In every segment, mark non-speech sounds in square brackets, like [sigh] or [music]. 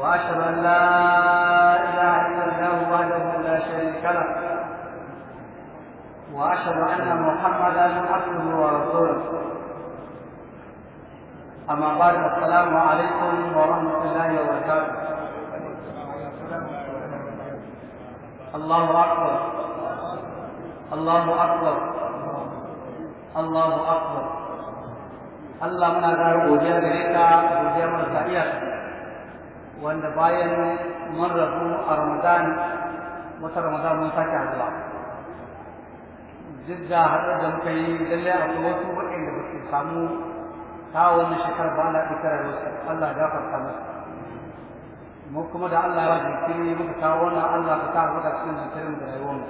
وأشهد أن لا إله إلا الله وحده لا شريك له وأشهد أن محمدا عبده ورسوله أما بعد السلام عليكم ورحمة الله وبركاته الله أكبر الله أكبر الله أكبر Allah muna ƙara godiya gare ka godiya wanda bayan mun rabu a ramadan wata ramadan mun sake haɗuwa duk da haɗar da muka yi lallai kuma su waɗanda da su samu ta wannan shekarar ba Allah ɗaukar wasu Allah ya gafarta musu mu kuma da Allah ya yi muka kawo wannan Allah ka sa mu da cikin jinkirin da rayuwar mu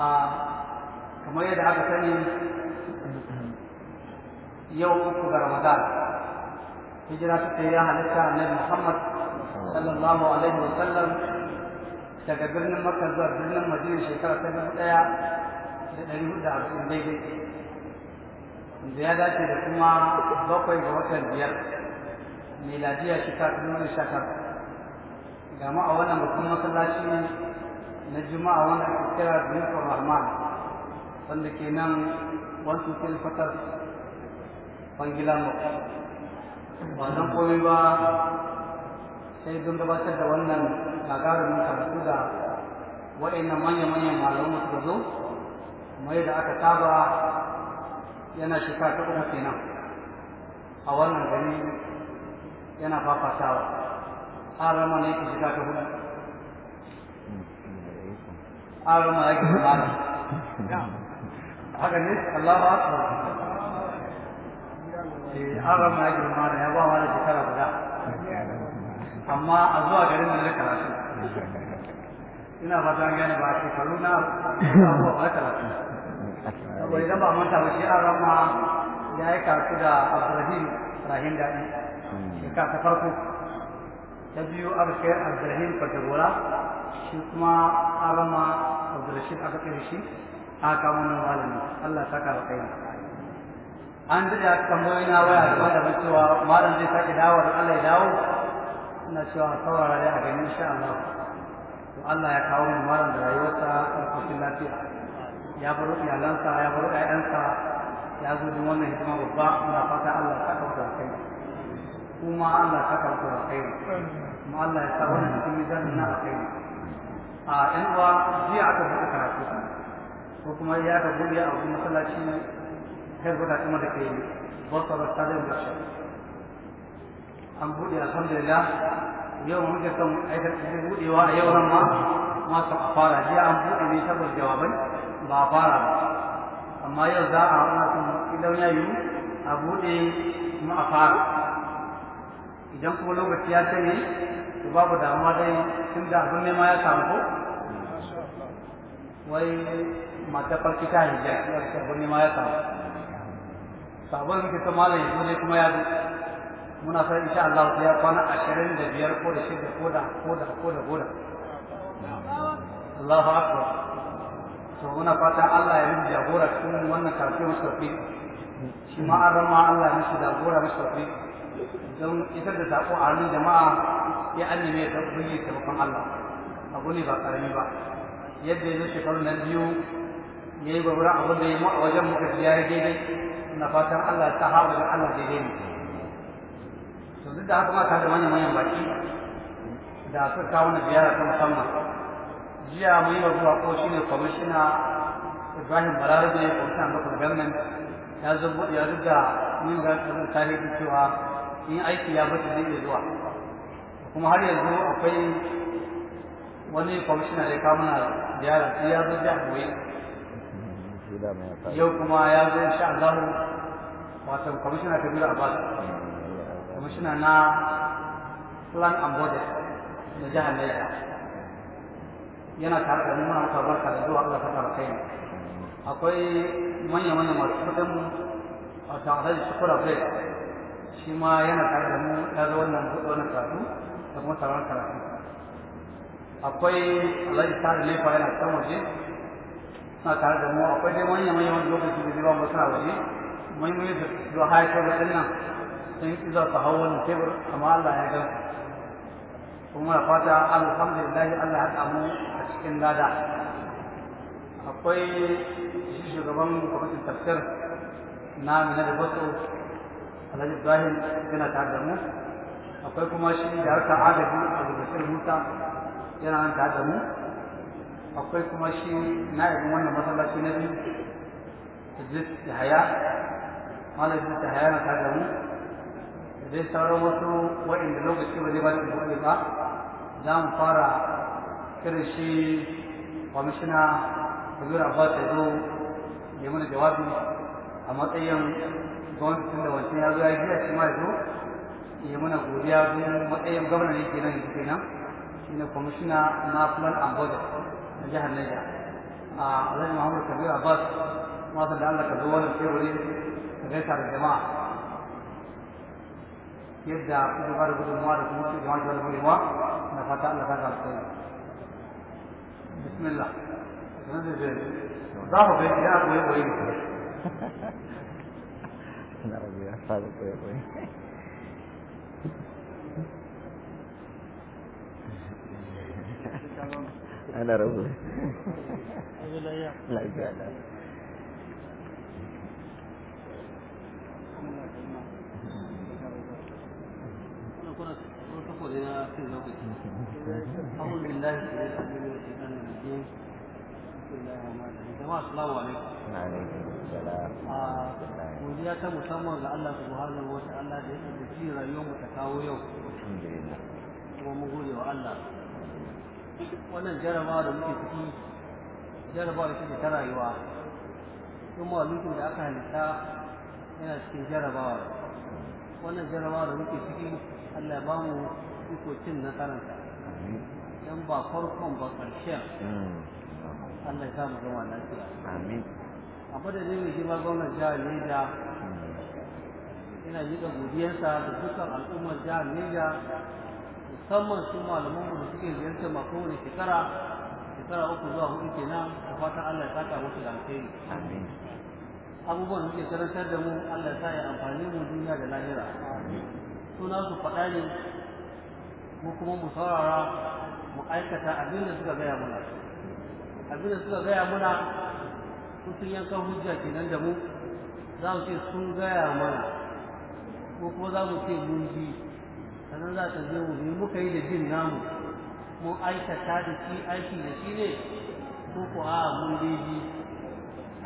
a kamar yadda aka sani yau uku ga Ramadan hijira ta ya halitta annabi Muhammad sallallahu alaihi wa sallam daga birnin Makka zuwa birnin Madina shekara ta dubu ɗaya da ɗari hudu da arba'in daidai da ya dace da kuma bakwai ga watan biyar miladiya shekara ta dubu sha tara ga ma a wannan babban masallaci na juma'a wanda ake kira Bintu Rahman wanda ke nan fatar bangila Mokar ba zan komai ba sai don gabatar da wannan gagarumin karatu da waɗannan manya-manyan malamu suka zo mai da aka saba yana shekara ta uku kenan a wannan gari yana fafatawa har ma ne ke shiga ta hudu har ma yake shiga haka ne Allahu akbar an rama ya girma da ya ba wa da shekara guda amma a zuwa garin da na karatu ina ba ta gani ba shekaru na abuwa ba karatu saboda idan ba manta ba shi an rama ya yi karatu da abdurrahim rahim daɗi shekara ta farko ta biyu abshir abdurrahim kwantagora shi kuma an rama abdurrashid aka kiri shi a mana wannan malamin allah saka alkhairi an da a tambayoyi na waya da daban cewa malam zai sake dawo da Allah ya dawo ina cewa saurara dai a gani insha Allah to Allah ya kawo mu malam da rayuwarsa a cikin lafiya ya bar iyalansa ya bar ayyansa ya zo din wannan hidima babba ina fata Allah ya saka da kai kuma Allah ya saka da kai kuma Allah ya sa wannan cikin mizanin na kai a ƴan uwa jiya aka buɗe karatu ko kuma ya ka buɗe a wani masallaci herbata kuma da kai wasu ba stadium da an buɗe alhamdulillah yau muke son aikata buɗewa a yau nan ma masu a fara jiya an buɗe ne saboda jawabai ba a fara ba amma yau za a ana son idan ya yiwu a buɗe kuma a fara idan kuma lokaci ya sanya to babu damuwa dai tun da abin nema ya samu ko wai mata farki ta hijja abin nema ya samu sabon da kisa malam yanzu ne kuma ya zo muna sa insha Allah ya kwana ashirin da biyar ko da shida ko da ko da ko da ko da Allahu akbar to muna fatan Allah ya rubuta jagora cikin wannan karfi musafi shi ma an rama Allah ya mishi jagora musafi don ita da sako a hannun jama'a ya annime ya tabbata taimakon Allah abu ne ba karami ba yadda ya zo shekaru na biyu ya yi babura abin da ya mu a wajen muka ziyara daidai suna fatan Allah ta haɗu da Allah daidai ne to duk da haka ma ka da manyan manyan baki da su kawo na ziyara ta musamman jiya mun yi rabuwa ko shi ne kwamishina Ibrahim Balarabe ne kwamishinan local government ya zubo ya rubuta mun ga tsarin tarihi cewa in aiki ya bata zai iya zuwa kuma har yanzu akwai wani kwamishina da ya kawo mana biyar sai ya zo ya Boye shi da mai yau kuma ya zo insha Allah wato commissioner Kabiru Abbas commissioner na plan ambode budget na jihar Niger yana tare da mu muna barka da zuwa Allah ta barkai akwai manya-manyan masu kudin a tare da shukura bai shi ma yana tare da mu ya zo wannan wannan karatu da kuma taron karatu akwai alhaji tare lefa yana kan waje تعالى جمهور ko dai wani mai yawan lokaci da zai ba mu suna waje mai mai da zuwa haifar da dinnan sun ki za su hawo wani tebur amma Allah ya gan kuma fata alhamdulillah Allah ya samu a cikin lada akwai shi shugaban kwamitin tafsir na mina da basu alhaji ibrahim yana tare da mu akwai kuma shi da harkar agaji a musa yana nan tare da mu akwai kuma shi na'ibin wannan masallaci na biyu Idris haya. Malam Idris haya na kagamu da zai sauran wasu waɗanda lokaci ba zai ba su buɗe ba za mu fara kiran shi kwamishina Huzur Abbas ta zo ya mana jawabi a matsayin gwamnatin da wancan ya zo ya jiya shi ma zo ya mana godiya matsayin gwamna ne kenan kenan shine kwamishina na Fulani Amboda. جهل ليا آه، لازم عمرك كبير بس ما اللي قال لك اللي هو الخير غيرت على الجماعه يبدا كل غرب الجمهور في جماعه الجمهور نفتا نفتا بسم الله ضرب يا ابوي ابوي ضرب يا ابوي Thank you. ana [laughs] rabu أعوذ بالله ta musamman ga Allah subhanahu wa ta'ala da ya rayuwar mu ta kawo yau alhamdulillah kuma mu gode wa Allah wannan jarabawa da muke ciki jarabawa take ta rayuwa tun mutum da aka halitta yana cikin jarabawa wannan jarabawa da muke ciki Allah ba mu iko cin nasararta dan ba farkon ba ƙarshen mm. Allah ya sa mu zama lafiya amin a madadin mai girma gwamnan jihar Niger mm. ina yi da godiyarsa da dukkan al'ummar jihar Niger musamman su malaman da suke ziyarta ma kowane shekara shekara uku zuwa hudu kenan da fatan Allah ya saka musu da alheri abubuwan da suke karantar da mu Allah ya sa ya amfani mu duniya da lahira suna su faɗa ne mu kuma mu saurara mu aikata abin da suka gaya muna abin da suka gaya muna su sun yankan hujja kenan da mu za mu ce sun gaya mana ko kuma za mu ce mun ji sanan za ta je mu muka yi da jin namu mun aikata da shi aiki da shi ne ko ko a mun daidai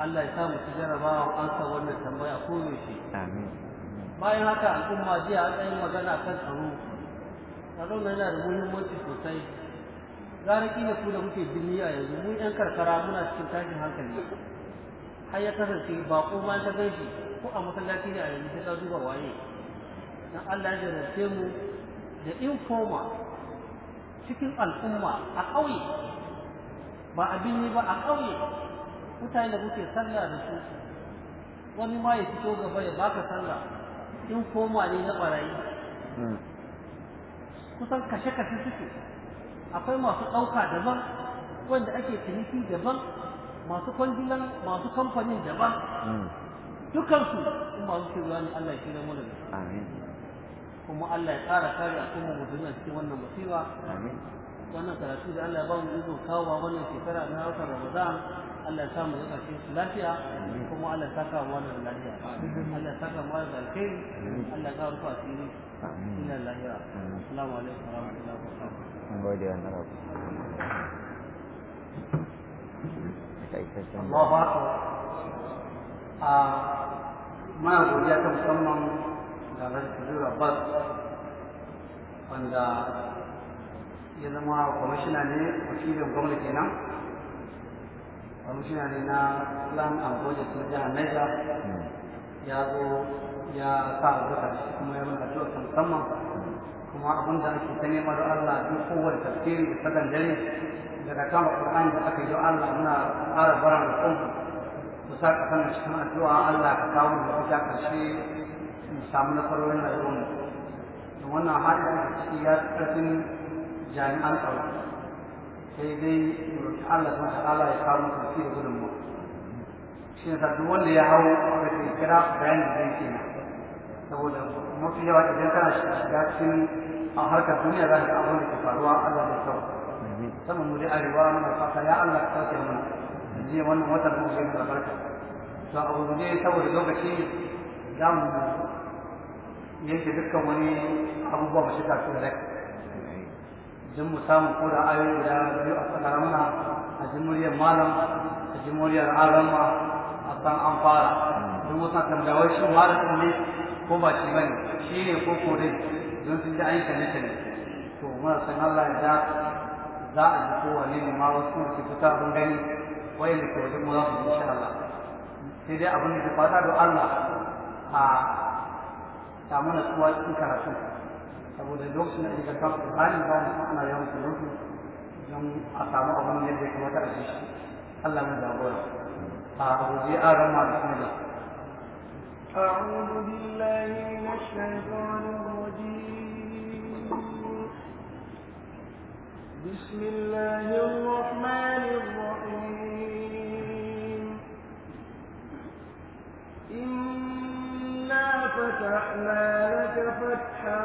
Allah ya samu ci jarabawa an sa wannan tambaya ko shi. amin bayan haka al'umma jiya an yi magana kan tsaro tsaro na yana da muhimmanci sosai gara kila ku da muke birni a yanzu Mun yan karkara muna cikin tashin hankali har ya kasance ba ko ma ta gaji ko a masallaci ne a yanzu ta duba waye dan Allah ya jarrace mu da informa cikin al'umma a ƙauye ba a birni ba a ƙauye mutane da kuke sallah da su wani ma ya fito gaba ya baka sallah informa ne na ɓarayi hmm. kusan kashe-kashe suke akwai masu ɗauka daban wanda ake ciniki daban masu kwangilan masu kamfanin daban hmm. dukansu in masu shirya ne Allah ya shirya mu da su. kuma Allah ya ƙara kare a kuma musulman cikin wannan musiba wannan karatu da Allah ya ba mu izo kawowa wannan shekara na watan Ramadan Allah ya samu zaka cikin su lafiya kuma Allah ya saka mu wannan lafiya Allah ya saka mu wannan alkhairi Allah ya ka rufa asiri inna Ina wa assalamu alaikum wa rahmatullahi wa barakatuh Allahu ba a ah, muna godiya ta musamman da bas wanda ya zama kwamishina ne gwamna kwamishina ne na plan and project na jihar niger ya zo ya sa kuma ya sama kuma abin da ake ta neman Allah duk kowane tafsiri da sakan dare daga kama Qur'ani da aka yi don Allah muna ƙara bara da kuma sa ka addu'a Allah ka kawo mu samu nasarorin rayuwar mu wannan hali da ciki ya karfin jami'an tsaro sai dai Allah subhanahu wa ta'ala ya kawo mu tafi da gudun mu shi ne duk wanda ya hau da ke kira bayan da zai kenan saboda mafi yawa idan kana shiga cikin a harkar duniya za ka abin da ke faruwa Allah da kyau sama mu da arewa mu da fata ya Allah ka sauke mana je wannan watan mu zai barka, to abu ne saboda lokaci za mu yanke dukkan wani abubuwa ba shi ta su da jin mu samu ko da ayoyi guda biyu a tsakar muna a jimuriyar malam a jimuriyar alamma, a san an fara don wasu tambaya shi malam ne ko ba shi bane shi ne ko ko dai don sun ji an shane shane to muna san Allah ya da za a ji kowane ne ma wasu su fita abin gani da ke wajen mu za su ji insha Allah sai dai abin da ke fata da Allah a samu natsuwa cikin karatu saboda lokacin da ake kafa Qur'ani ba ni ana yawan karatu don a samu abin yadda ya kamata a shi Allah mu jagora a guje a rama bismillah أعوذ بالله من الشيطان الرجيم بسم الله الرحمن فتحنا لَكَ فَتْحًا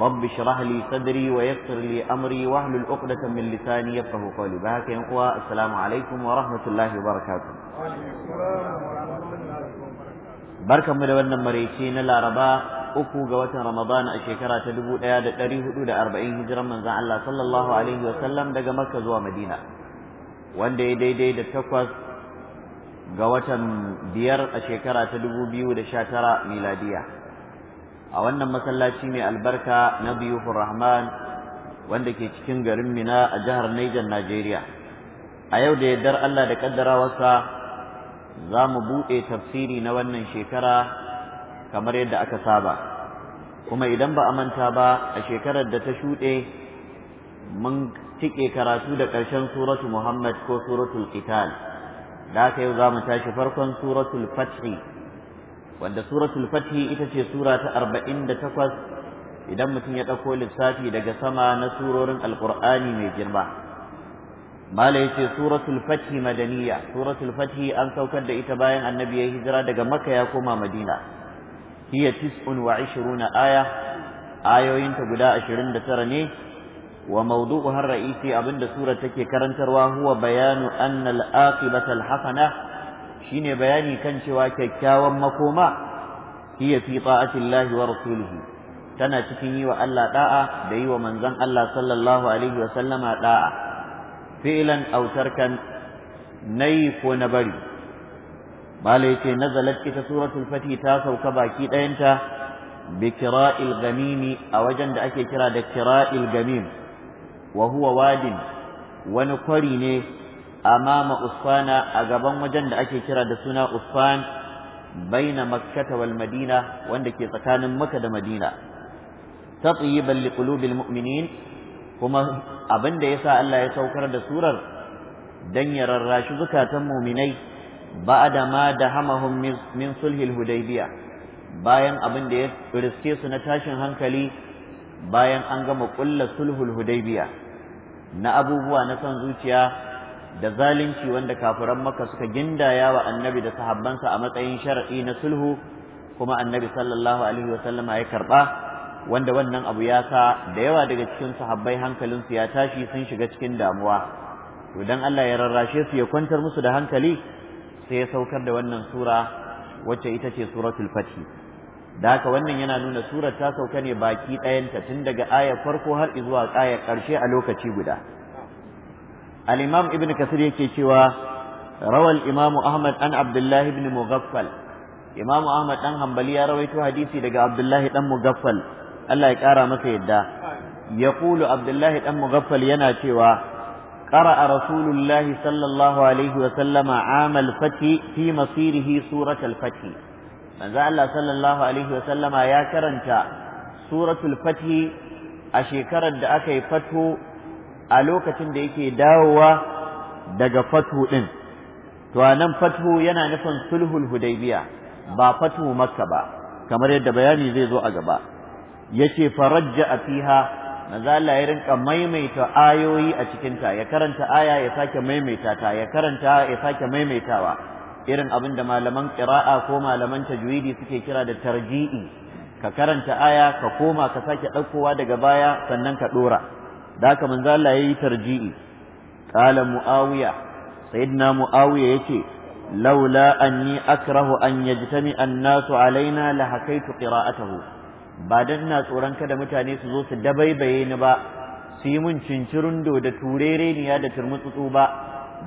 rabbi shirah li sadri wa yassir li amri wa hlul uqdata min lisani yafqahu qawli ba haka yan uwa alaikum wa rahmatullahi barakatu. barakatuh mu da wannan maraice na laraba uku ga watan ramadana a shekara ta 1440 hijiran manzon Allah sallallahu alaihi wa sallam daga makka zuwa madina wanda ya daidai da takwas ga watan biyar a shekara ta da 2019 miladiya a wannan masallaci mai albarka na biyufur rahman wanda ke cikin garin mina a jihar Niger Najeriya a yau da yardar Allah da kaddarawarsa za mu buɗe tafsiri na wannan shekara kamar yadda aka saba kuma idan ba a manta ba a shekarar da ta shuɗe mun cike karatu da ƙarshen suratu Muhammad ko suratul Qital da haka yau za mu tashi farkon suratul Fath wanda suratul fathi ita ce sura ta 48 idan mutum ya dauko lissafi daga sama na surorin alqur'ani mai girma mala yace suratul fathi madaniya suratul fathi an saukar da ita bayan annabi ya hijira daga makka ya koma madina hiya 29 aya ta guda 29 ne wa mawdu'uha ar-ra'isi abinda surar take karantarwa huwa bayanu anna al-aqibata al-hasana shine bayani kan cewa kyakkyawan makoma hiya fi ta'atillahi wa rasulihi tana cikin yi wa Allah da'a da yi wa manzon Allah sallallahu alaihi wa sallama da'a fi'lan aw tarkan nayi ko na bari mala yace nazalat ita suratul fati ta sauka baki ɗayanta bi kira'il gamimi a wajen da ake kira da kira'il gamim wa huwa wadin wani kwari ne amama usfana a gaban wajen da ake kira da suna usfan baina makkata wal madina wanda ke tsakanin makka da madina tatyiban liqulubil mu'minin kuma abin da yasa Allah ya saukar da surar dan ya rarrashi zukatan mu'minai ba'da ma dahamahum min sulhil hudaybiya bayan abin da ya riske su na tashin hankali bayan an gama kullu sulhul hudaybiya na abubuwa na son zuciya da zalunci wanda kafiran maka suka gindaya wa annabi da sahabbansa a matsayin shar'i na sulhu kuma annabi sallallahu alaihi wa wasallama ya karba wanda wannan abu ya sa da yawa daga cikin sahabbai hankalin su ya tashi sun shiga cikin damuwa to dan Allah ya rarrashe su ya kwantar musu da hankali sai ya saukar da wannan sura wacce ita ce suratul fathi da haka wannan yana nuna surar ta sauka ne baki ɗayanta tun daga ayar farko har zuwa ayar ƙarshe a lokaci guda al-imam ibn kasir yake cewa rawal imamu ahmad an abdullahi ibn mughaffal imamu ahmad dan hanbali ya rawaito hadisi daga abdullahi dan mughaffal Allah ya kara masa yadda yaqulu abdullahi dan mughaffal yana cewa قرأ رسول الله صلى الله عليه وسلم عام الفتح في مصيره سورة الفتح من الله صلى الله عليه وسلم يا كرنتا سورة الفتح أشيكرا دأكي فتح a lokacin da yake dawowa daga fatu ɗin, to a nan fatu yana nufin sulhul hudaybiya ba fatu makka ba kamar yadda bayani zai zo a gaba yace farajja fiha manzo Allah ya rinka maimaita ayoyi a cikin ta ya karanta aya ya sake maimaita ta ya karanta ya sake maimaitawa irin abin da malaman qira'a ko malaman tajwidi suke kira da tarji'i ka karanta aya ka koma ka sake ɗaukowa daga baya sannan ka ɗora da haka manzo Allah yayi tarji'i qala muawiya sayyidina muawiya yace laula anni akrahu an yajtami an alaina la hakaitu qira'atuhu ba dan ina tsoron kada mutane su zo su dabaibaye ni ba su yi mun do da turereniya da turmutsutsu ba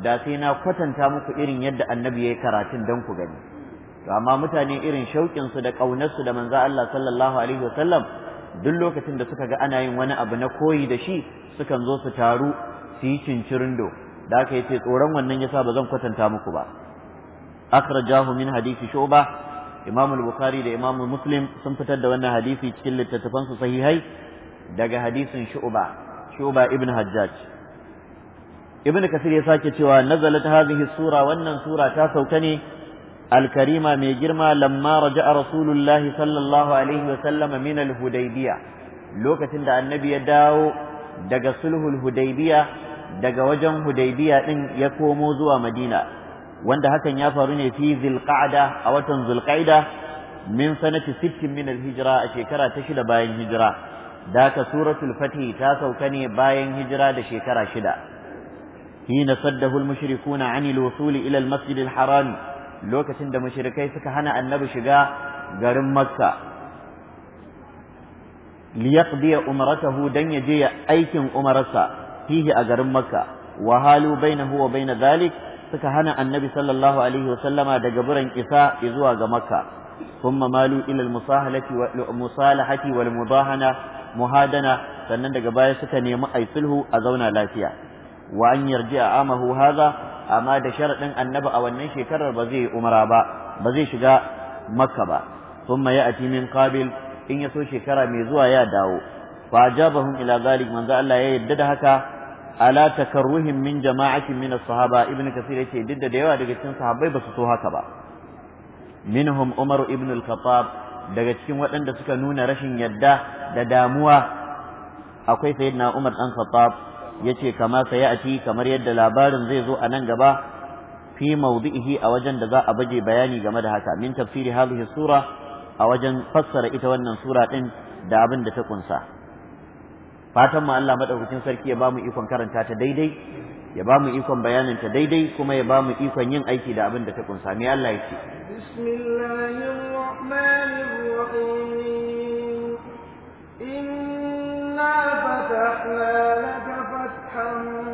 da sai na kwatanta muku irin yadda annabi yayi karatun dan ku gani to amma mutane irin shauƙin su da ƙaunarsu da manzo Allah sallallahu alaihi wasallam duk lokacin da suka ga ana yin wani abu na koyi da shi sukan zo su taru su yi cincirindo da aka yi ce tsoron wannan yasa ba zan kwatanta muku ba akhrajahu min hadisi shuba imam al-bukhari da imam muslim sun fitar da wannan hadisi cikin littattafan su sahihai daga hadisin shuba shuba ibn hajjaj ibn kasir ya sake cewa nazalat hadhihi sura wannan sura ta sauka ne alkarima mai girma lamma raja'a rasulullahi sallallahu alaihi wa sallama min alhudaybiya lokacin da annabi ya dawo daga sulhul hudaybiya daga wajen hudaybiya din ya komo zuwa madina wanda hakan ya faru ne fi zulqa'da a watan zulqa'da min sanati sittin min alhijra a shekara ta shida bayan hijira da ka suratul fatih ta sauka ne bayan hijira da shekara shida hina saddahu almushrikuna an alwusul ila almasjid alharam lokacin da mushrikai suka hana annabi shiga garin makka liyaqdiya umratahu dan ya je ya aikin umarsa fihi a garin makka wa halu bainahu wa bain dhalik suka hana annabi sallallahu alaihi wa sallama daga buran isa zuwa ga makka thumma malu ila al-musahalati wa musalahati wal mubahana muhadana sannan daga baya suka nemi ai sulhu a zauna lafiya wa an yarji amahu hadha amma da sharaɗin annabi a wannan shekarar ba zai yi umara ba ba zai shiga makka ba thumma a min qabil in ya so shekara mai zuwa ya dawo fa ajabahum ila zalik manzo Allah ya yadda da haka ala takarruhim min jama'atin min as-sahaba ibnu kasir yace duk da yawa daga cikin sahabbai ba su so haka ba minhum umar ibn al-khattab daga cikin waɗanda suka nuna rashin yadda da damuwa akwai sayyidina umar dan khattab yace kama sayati kamar yadda labarin zai zo a nan gaba fi mawdihi a wajen da za a baje bayani game da haka min tafsiri hadhihi sura a wajen fassara ita wannan sura din da abin da ta kunsa fatan mu Allah madaukakin sarki ya bamu ikon karanta ta daidai ya bamu ikon bayanin ta daidai kuma ya bamu ikon yin aiki da abin da ta kunsa me Allah ya ce inna fatahna laka محمد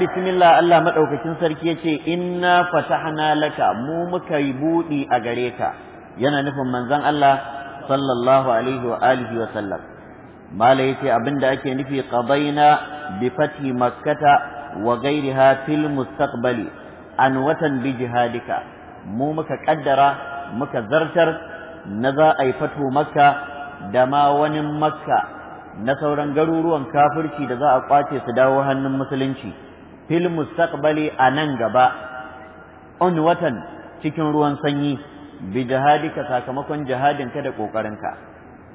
bismillah Allah madaukakin sarki yace inna fatahna laka mu muka yi budi a gare ka yana nufin manzon Allah sallallahu alaihi wa ake nufi qadaina bi wa ghairiha an watan bi mu muka kaddara muka zartar a da ma wani makka na sauran garuruwan kafirci da za a kwace su dawo hannun musulunci fil mustaqbali a nan gaba on watan cikin ruwan sanyi bi jihadika sakamakon jihadin ka da kokarinka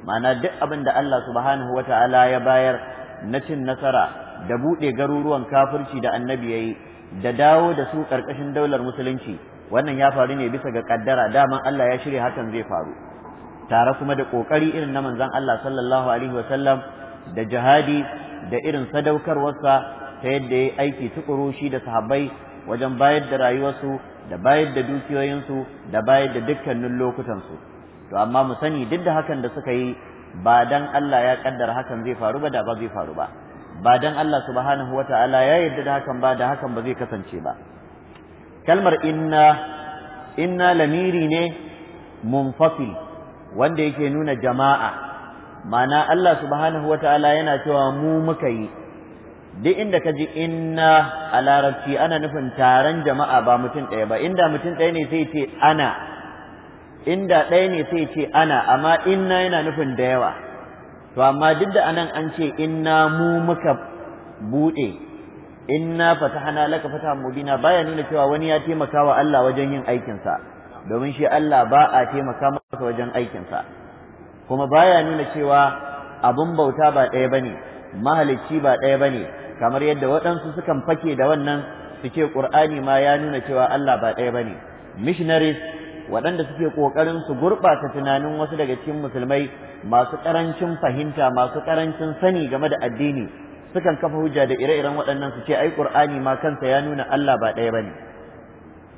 ma'ana duk abin da Allah subhanahu wata'ala ya bayar na cin nasara da buɗe garuruwan kafirci da annabi yayi da dawo da su ƙarƙashin daular musulunci wannan ya faru ne bisa ga ƙaddara daman Allah ya shirya hakan zai faru tare kuma da ƙoƙari irin na manzon Allah sallallahu alaihi sallam da jihadi da irin sadaukarwarsa ta yadda ya aiki tukuru shi da sahabbai wajen bayar da rayuwarsu da bayar da dukiyoyinsu da bayar da dukkanin lokutansu to amma mu sani duk da hakan da suka yi ba dan Allah ya kaddara hakan zai faru ba da ba zai faru ba ba dan Allah subhanahu wata'ala ya yarda da hakan ba da hakan ba zai kasance ba kalmar inna inna lamiri ne munfasil wanda yake nuna jama'a ma'ana Allah subhanahu ta'ala yana cewa mu muka yi duk inda ka ji inna a larabci ana nufin taron jama'a ba mutum ɗaya ba inda mutum ɗaya ne sai ce ana inda ɗaya ne sai ce ana amma inna yana nufin da yawa to amma duk da anan an ce inna mu muka buɗe inna fatahana laka fatahan mubina baya nuna cewa wani ya taimaka wa Allah wajen yin aikinsa domin shi Allah ba a taimaka masa wajen aikinsa kuma baya nuna cewa abun bauta ba ɗaya bane mahalicci ba ɗaya bane kamar yadda waɗansu sukan fake da wannan su ce ƙur'ani ma ya nuna cewa Allah ba ɗaya ba ne missionaries waɗanda suke ƙoƙarin su gurɓata tunanin wasu daga cikin musulmai masu ƙarancin fahimta masu ƙarancin sani game da addini sukan kafa hujja da ire-iren waɗannan su ce ai ƙur'ani ma kansa ya nuna Allah ba ɗaya ba ne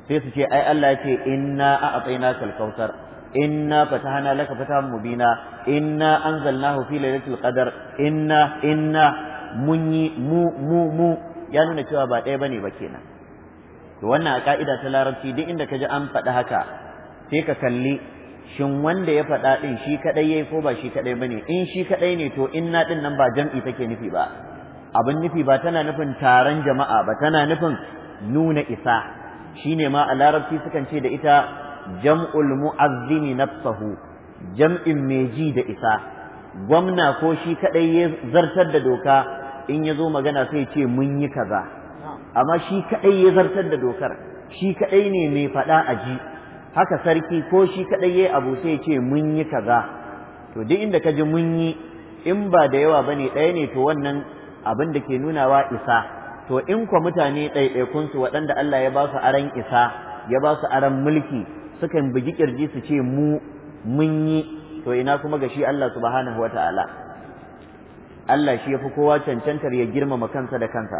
sai su ce ai Allah ya ce inna a al-kautsar inna fatahna laka fatahan mubina inna anzalnahu fi lailatul qadar inna inna mun yi mu mu mu ya nuna cewa ba ɗaya bane ba kenan to wannan a ka'ida ta larabci duk inda ka ji an faɗi haka sai ka kalli shin wanda ya faɗa ɗin shi kaɗai yayi ko ba shi kaɗai bane in shi kaɗai ne to in na ɗin nan ba jam'i take nufi ba abin nufi ba tana nufin taron jama'a ba tana nufin nuna isa shine ma a larabci sukan ce da ita jam'ul mu'azzimi nafsahu jam'in mai ji da isa gwamna ko shi kaɗai ya zartar da doka in ya zo magana sai ce mun yi kaza amma shi kaɗai ya zartar da dokar shi kaɗai ne mai faɗa a ji haka sarki ko shi kaɗai ya abu sai ce mun yi kaza to duk inda ka ji mun yi in ba da yawa bane ɗaya ne to wannan abin da ke nunawa isa to in kwa mutane su waɗanda Allah ya ba su aran isa ya ba su aran mulki sukan bugi kirji su ce mu mun yi to ina kuma ga shi Allah subhanahu wata'ala Allah shi ya fi kowa cancantar ya girmama kansa da kansa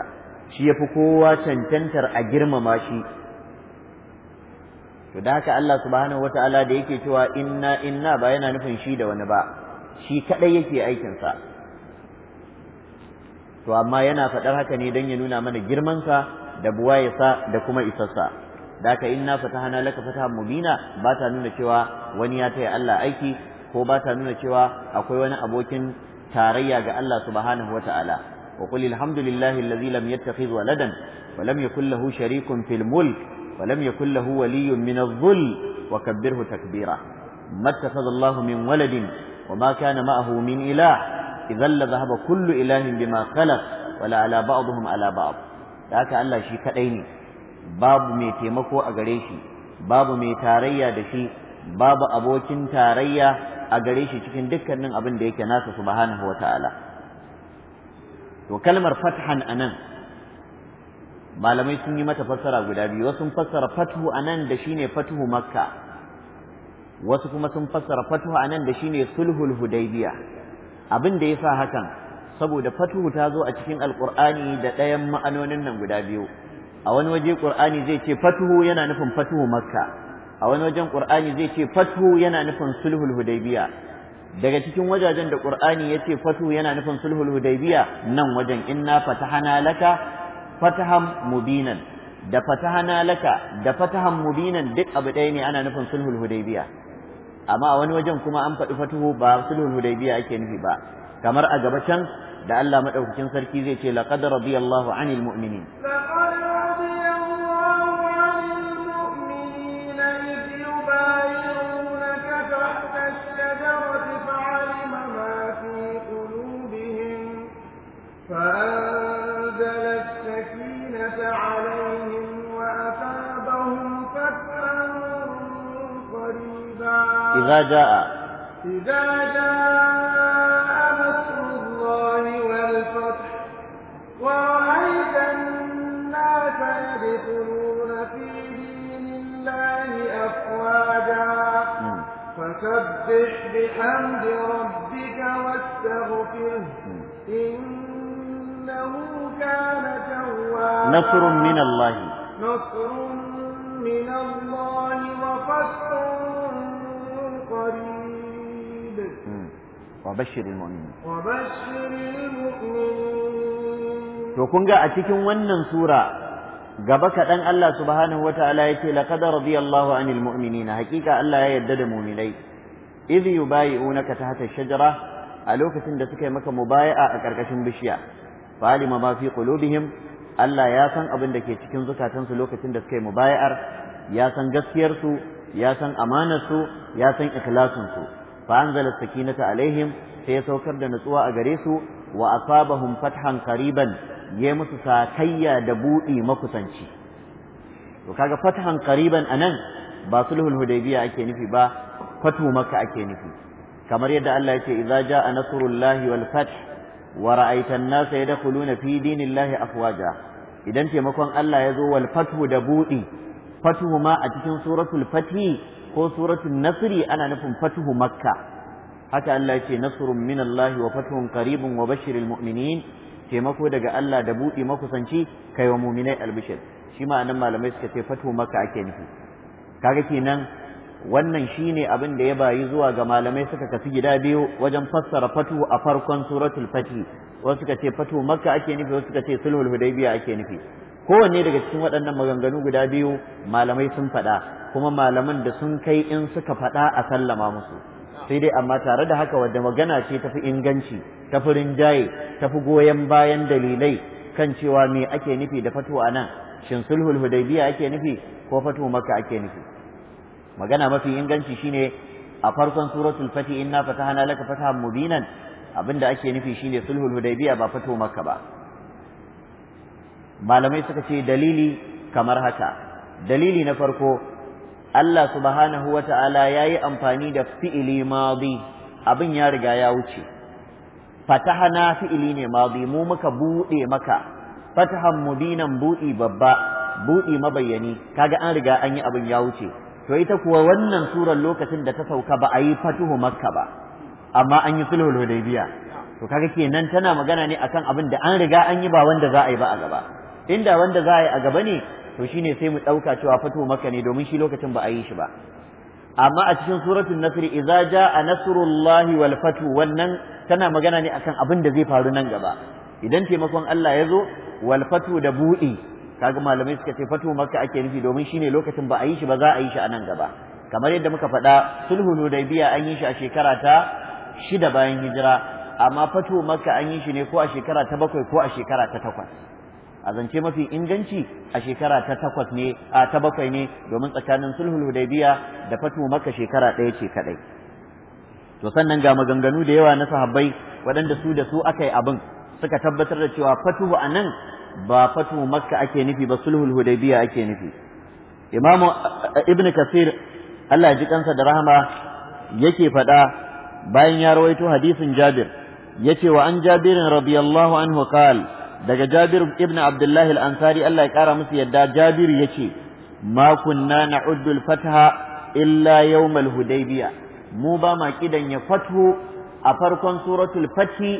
shi ya fi kowa cancantar a girmama shi to da haka Allah subhanahu ala da yake cewa inna inna ba yana nufin shi da wani ba shi kaɗai yake aikinsa. to amma yana faɗar haka ne don ya nuna mana girman buwa da buwayesa da kuma isarsa da haka inna fatahana laka fata mubina ba ta nuna cewa wani ya taya Allah aiki ko ba ta nuna cewa akwai wani abokin تاريا جاء الله سبحانه وتعالى وقل الحمد لله الذي لم يتخذ ولدا ولم يكن له شريك في الملك ولم يكن له ولي من الظل وكبره تكبيرا ما اتخذ الله من ولد وما كان معه من إله إذا لذهب كل إله بما خلق ولا على بعضهم على بعض ذاك الله شيء كأين باب ميتي مكو أغريشي باب ميتاريا دشي باب أبوكين تاريا a gare shi cikin dukkanin abin da yake nasa subhanahu ta'ala, to kalmar fathan anan malamai sun yi mata fassara guda biyu wasu sun fassara fathu anan da shine fathu makka wasu kuma sun fassara fathu anan da shine sulhul hudaybiya abin da yasa hakan saboda fathu ta zo a cikin alqur'ani da ɗayan ma'anonin nan guda biyu a wani waje ƙur'ani zai ce fathu yana nufin fathu makka a wani wajen qur'ani zai ce fathu yana nufin sulhul hudaybiya daga cikin wajajen da qur'ani ya ce yana nufin sulhul hudaybiya nan wajen inna fatahana laka mubinan da fatahana laka da fatahan mubinan duk abu ɗaya ne ana nufin sulhul hudaybiya amma a wani wajen kuma an faɗi fatuhu ba sulhul hudaybiya ake nufi ba kamar a gaba can da Allah madaukakin sarki zai ce laqad radiyallahu anil mu'minin إذا جاء إذا جاء نصر الله والفتح ورأيت الناس يدخلون في دين الله أفواجا نعم. فسبح بحمد ربك واستغفره نعم. إنه كان توابا نصر من الله نصر من الله وفتح قريب وبشر المؤمنين وبشر المؤمنين to kun ga a cikin wannan sura gaba kaɗan Allah subhanahu wa ya ce laqad radiyallahu anil mu'minina haƙiƙa Allah ya yarda da mu'minai idh ta tahta shajara a lokacin da suka yi maka mubaya'a a ƙarƙashin bishiya fa alima ma fi qulubihim Allah ya san abin da ke cikin zukatansu lokacin da suka yi mubaya'ar ya san gaskiyarsu ya san su ya san ikhlasin su fa anzala sakinata alaihim sai ya saukar da nutsuwa a gare su wa asabahum fathan qariban yayi musu sakayya da budi makusanci to kaga fathan qariban anan ba sulhul hudaybiya ake nufi ba fatu maka ake nufi kamar yadda Allah yake idza jaa nasrullahi wal fath wa ra'aita an-nasa yadkhuluna fi dinillahi afwaja idan taimakon Allah ya zo wal fathu da budi fatu ma a cikin suratul fathi ko suratun Nasiri ana nufin fatuhu makka haka Allah ce nasrun min Allah wa fatuhun qaribun wa bashiril mu'minin taimako daga Allah da buɗe makusanci kai wa mu'minai albishir shi ma'anan malamai suka ce fatuhu makka ake nufi kaga kenan wannan shine abin da ya bayi zuwa ga malamai suka kasu gida biyu wajen fassara fatu a farkon suratul fatih wasu suka ce fatu makka ake nufi wasu suka ce sulhul hudaybiya ake nufi kowanne daga cikin waɗannan maganganu guda biyu malamai sun faɗa kuma malaman da sun kai in suka faɗa a sallama musu sai dai amma tare da haka wadda magana ce tafi inganci tafi rinjaye tafi goyon bayan dalilai kan cewa me ake nufi da fatu a nan shin sulhul hudaybiya ake nufi ko fatu makka ake nufi magana mafi inganci shine a farkon suratul fati inna fatahana laka fatahan mubinan abinda ake nufi shine sulhul hudaybiya ba fatu maka ba malamai suka ce dalili kamar haka dalili na farko Allah subhanahu wa ta'ala ya yi amfani da fi'ili madi abin ya riga ya wuce fatahana fi'ili ne madi mu muka buɗe maka fatahan mubinan buɗi babba buɗi mabayani, kaga an riga an yi abin ya wuce to ita kuwa wannan surar lokacin da ta sauka ba a yi fatuhu makka ba amma an yi sulhul hudaybiya to kaga kenan tana magana ne akan abin da an riga an yi ba wanda za a yi ba a gaba inda wanda za a yi a gaba ne to shi ne sai mu ɗauka cewa fito maka ne domin shi lokacin ba a yi shi ba amma a cikin suratul nasr idza jaa nasrullahi wal fatu wannan tana magana ne akan abin da zai faru nan gaba idan taimakon Allah ya zo wal fatu da buɗi kaga malamai suka ce fato maka ake nufi domin shi ne lokacin ba a yi shi ba za a yi shi a nan gaba kamar yadda muka faɗa sulhu hudaybiya an yi shi a shekara ta shida bayan hijira amma fato maka an yi shi ne ko a shekara ta bakwai ko a shekara ta takwas a zance mafi inganci a shekara ta takwas ne a ta bakwai ne domin tsakanin sulhul hudaybiya da fatu maka shekara ɗaya ce kaɗai to sannan ga maganganu da yawa na sahabbai waɗanda su da su aka yi abin suka tabbatar da cewa fatu a nan ba fatu makka ake nufi ba sulhul hudaybiya ake nufi imamu eh, eh, ibnu kasir Allah ji kansa da rahama yake faɗa bayan ya rawaito hadisin jabir yace wa an jabirin radiyallahu anhu qala daga Jabir ibn Abdullah al-Ansari Allah ya kara musu yadda Jabir yace ma kunna na'uddu al-fatha illa yawm al-hudaybiyah mu ba ma kidan ya fatu a farkon suratul fathi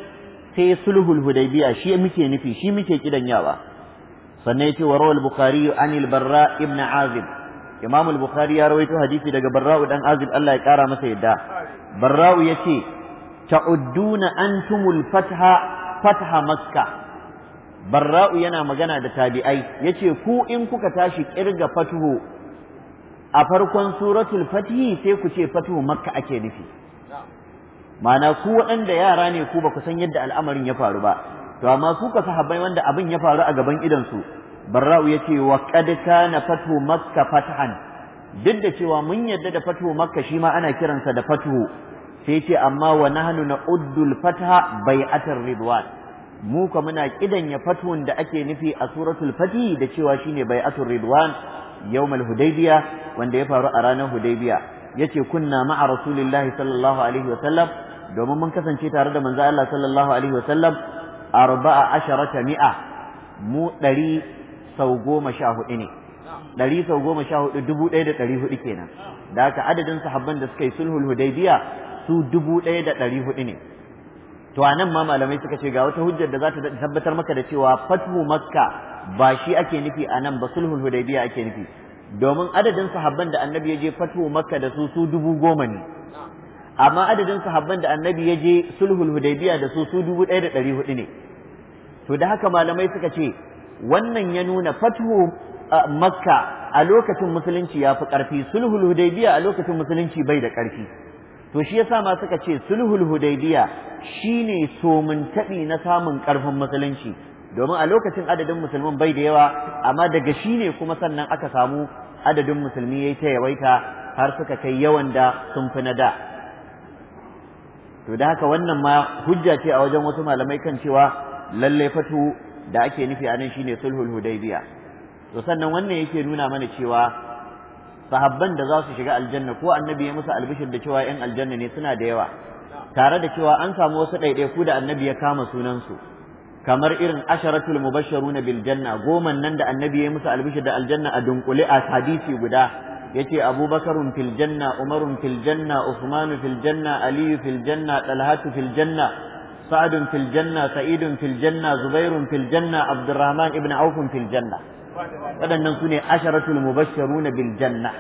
sai sulhul hudaybiyah shi muke nufi shi muke kidan yawa sannan yace wa rawal bukhari anil barra ibn azib imam al-bukhari ya rawaito hadisi daga barra'u dan azib Allah ya kara masa yadda barra'u yace ta'udduna antumul fatha fatha makkah barra'u yana magana da tabi'ai yace ku in kuka tashi kirga fatuhu a farkon suratul fatih sai ku ce fatuhu makka ake nufi ma'ana ku waɗanda yara ne ku ba ku san yadda al'amarin ya faru ba to amma su ka sahabbai wanda abin ya faru a gaban su barra'u yace wa qad kana fatuhu makka fathan duk da cewa mun yadda da fatuhu makka shi ma ana kiransa da fatuhu sai ce amma wa nahnu na'uddul fatha bai'atar ridwan mu kuma muna kidan ya fatun da ake nufi a suratul fati da cewa shine bai'atul ridwan yawmal hudaybiya wanda ya faru a ranar hudaybiya yace kunna ma'a rasulillahi sallallahu alaihi wasallam domin mun kasance tare da manzo Allah sallallahu alaihi wasallam arba'a asharata mi'a mu ɗari sau goma sha hudu ne ɗari sau goma sha hudu dubu ɗaya da ɗari hudu kenan da haka adadin sahabban da suka yi sulhul hudaybiya su dubu ɗaya da ɗari hudu ne to a nan ma malamai suka ce ga wata hujjar da za ta tabbatar maka da cewa fathu makka ba shi ake nufi a nan ba sulhul hudaybiya ake nufi domin adadin sahabban da annabi ya je fathu makka da su su dubu goma ne amma adadin sahabban da annabi ya je sulhul hudaybiya da su su dubu ɗaya da ɗari hudu ne to da haka malamai suka ce wannan ya nuna fathu makka a lokacin musulunci ya fi ƙarfi sulhul hudaybiya a lokacin musulunci bai da ƙarfi to shi yasa ma suka ce sulhul hudaybiya shine tabi na samun karfin musulunci domin a lokacin adadin musulman bai da yawa amma daga shi ne kuma sannan aka samu adadin musulmi yayi ta yawaita har suka kai yawan da sun fi na da to da haka wannan ma hujja ce a wajen wasu malamai kan cewa lalle fatu da ake nufi a nan shine sulhul hudaybiya to sannan wannan yake nuna mana cewa sahabban da za su shiga aljanna ko annabi ya musu albishir da cewa yan aljanna ne suna da yawa tare da cewa an samu wasu ɗaiɗaiku da annabi ya kama sunansu kamar irin asharatul mubashsharuna bil janna goman nan da annabi ya musu albishir da aljanna a dunkule a hadisi guda yace abubakarun fil janna umarun fil janna usmanu fil janna aliyu fil janna filjanna fil janna sa'adun fil janna sa'idun fil janna zubairun fil janna abdurrahman ibn auf fil janna waɗannan su ne asharatul mubashsharuna bil janna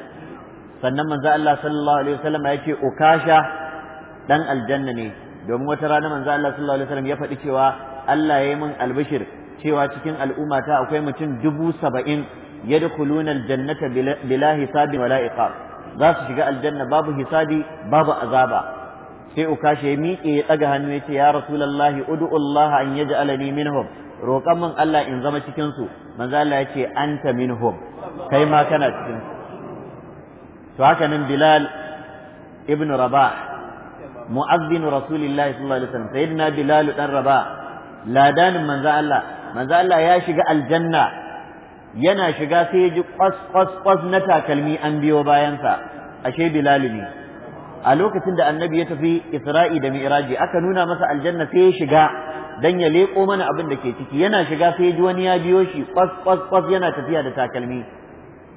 sannan manzo Allah sallallahu alaihi wasallam ya ce ukasha dan aljanna ne domin wata rana manzo Allah sallallahu alaihi wasallam ya faɗi cewa Allah ya yi min albishir cewa cikin al'ummata akwai mutum dubu saba'in yadkhuluna aljannata bila hisabin wala iqab za su shiga aljanna babu hisabi babu azaba sai ukasha ya miƙe ya ɗaga hannu ya ce ya rasulallahi ud'u Allah an yaj'alani minhum roƙan min Allah in zama cikinsu. su manzo Allah yace anta minhum kai ma kana cikin to haka nan Bilal ibn Rabah mu'azzin Rasulullahi sallallahu alaihi wasallam sayyidina Bilal dan Rabah ladanin manzo Allah manzo Allah ya shiga aljanna yana shiga sai ya ji kwas kwas kwas na takalmi an biyo bayansa ashe Bilal ne a lokacin da annabi ya tafi Isra'i da Mi'raji aka nuna masa aljanna sai ya shiga dan ya leko mana abin da ke ciki yana shiga sai ji wani ya biyo shi kwas kwas kwas yana tafiya da takalmi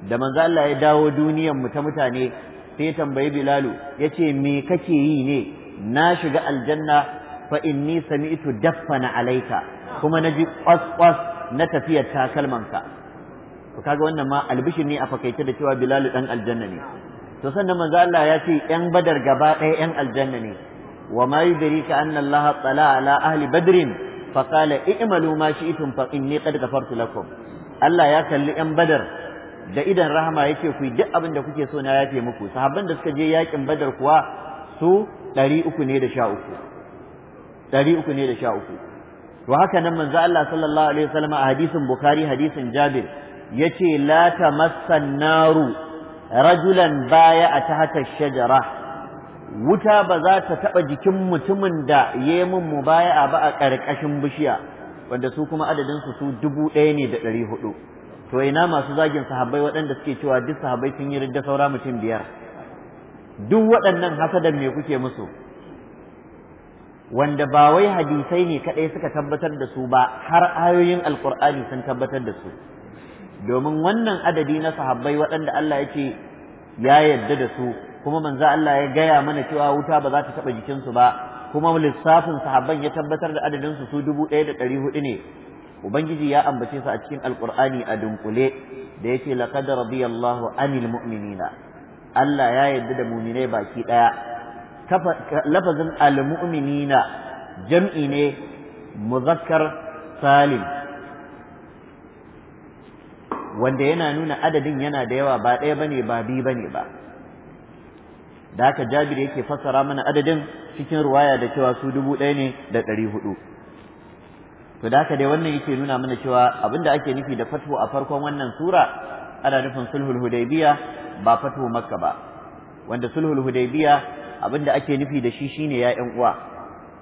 da manzo Allah ya dawo duniyar mu ta mutane sai ya tambayi Bilalu yace me kake yi ne na shiga aljanna fa inni sami'tu daffana alaika kuma naji kwas kwas na tafiyar takalmanka to kaga wannan ma albishin ne a fakaice da cewa Bilalu dan aljanna ne to sannan manzo Allah ya ce yan badar gaba ɗaya yan aljanna ne وما يدريك أن الله اطلع على أهل بدر فقال اعملوا ما شئتم فإني قد غفرت لكم Allah ya kalli ‘yan badar da idan rahama ya ce ku duk abin da kuke so na yafe muku sahabban da suka je yakin badar kuwa su ɗari uku ne da sha uku ɗari uku ne da sha uku to haka nan manzo Allah sallallahu alaihi wasallam a hadisin Bukhari hadisin Jabir yace la tamassan naru rajulan baya a tahta shajara wuta ba za ta taɓa jikin mutumin da ya yi min mubaya'a ba a ƙarƙashin bishiya wanda su kuma adadinsu su dubu ɗaya ne da ɗari hudu to ina masu zagin sahabbai waɗanda suke cewa duk sahabbai sun yi ridda saura mutum biyar duk waɗannan hasadan me kuke musu wanda ba wai hadisai ne kaɗai suka tabbatar da su ba har ayoyin alƙur'ani sun tabbatar da su domin wannan adadi na sahabbai waɗanda Allah ya ce ya yarda da su kuma manzo Allah ya gaya mana cewa wuta ba za ta taɓa jikinsu ba kuma lissafin sahabban ya tabbatar da adadin su su dubu ɗaya da ɗari hudu ne ubangiji ya ambace su a cikin alqur'ani a dunkule da yake laqad radiyallahu anil mu'minina Allah ya yarda da mu'minai baki ɗaya lafazin al mu'minina jam'i ne muzakkar salim wanda yana nuna adadin yana da yawa ba ɗaya bane ba biyu bane ba da haka jabir yake fassara mana adadin cikin ruwaya da cewa su dubu ɗaya ne da ɗari hudu to da haka dai wannan yake nuna mana cewa abinda ake nufi da fatwo a farkon wannan sura ana nufin sulhul hudaybiya ba fatwo makka ba wanda sulhul hudaybiya abinda ake nufi da shi shine ya ƴan uwa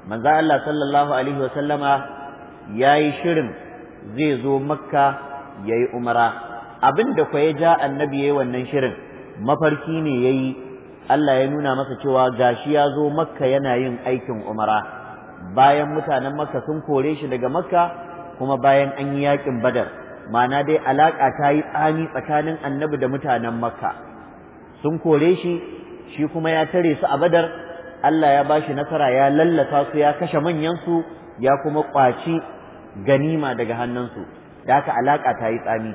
Manza Allah sallallahu alaihi Wasallama ya yayi shirin zai zo makka yayi umara abinda kwa ya ja annabi yayi wannan shirin mafarki ne yayi Allah ya nuna masa cewa gashi ya zo makka yana yin aikin umara bayan mutanen makka sun kore shi daga makka kuma bayan an yi yakin badar ma'ana dai alaka ta yi tsami tsakanin annabi da mutanen makka sun kore shi shi kuma ya tare su a badar Allah ya bashi nasara ya lallata su ya kashe manyan su ya kuma kwaci ganima daga hannunsu da haka alaka ta yi tsami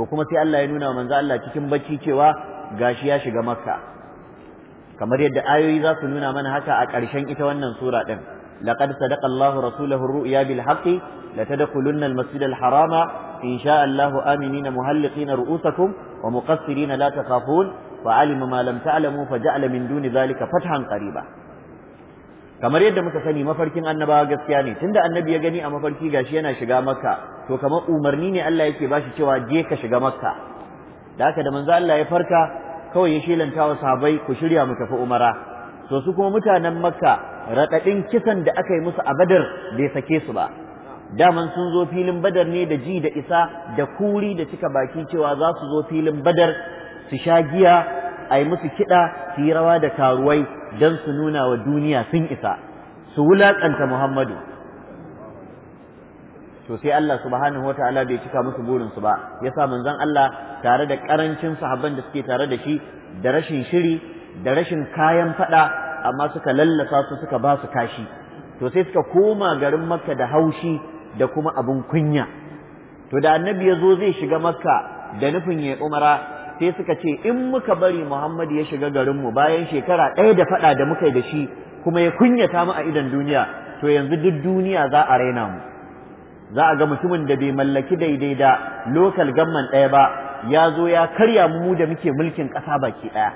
to kuma sai Allah ya nuna manzo Allah cikin bacci cewa gashi ya shiga makka kamar yadda ayoyi za su nuna mana haka a ƙarshen ita wannan sura ɗin laqad sadaqa Allahu rasulahu ru'ya bil haqqi latadkhulunna al-masjid al-harama in sha'a Allahu aminina muhalliqina ru'usakum wa muqassirina la takhafun wa alima ma lam ta'lamu fa ja'ala min duni dhalika fathan qariba kamar yadda muka sani mafarkin annabawa gaskiya ne tunda annabi ya gani a mafarki gashi yana shiga makka to kamar umarni ne Allah yake bashi cewa je ka shiga makka da haka da manzo Allah ya farka kawai ya shelanta wa sahabbai ku shirya mu tafi umara to su kuma mutanen makka raɗaɗin kisan da aka yi musu a badar bai sake su ba daman sun zo filin badar ne da ji da isa da kuri da cika baki cewa za su zo filin badar su sha giya a musu kiɗa su yi rawa da karuwai don su nuna wa duniya sun isa su wulaƙanta muhammadu to sai Allah subhanahu wataala bai cika musu burin su ba yasa manzon Allah tare da karancin sahabban da suke tare da shi da rashin shiri da rashin kayan fada amma suka lallasa su suka ba su kashi to sai suka koma garin Makka da haushi da kuma abun kunya to da annabi ya zo zai shiga Makka da nufin ya umara sai suka ce in muka bari Muhammad ya shiga garin mu bayan shekara ɗaya da faɗa da muka yi da shi kuma ya kunyata mu a idan duniya to yanzu duk duniya za a raina mu za a ga mutumin da bai mallaki daidai da lokal gamman ɗaya ba ya zo ya karya mu da muke mulkin ƙasa baki ɗaya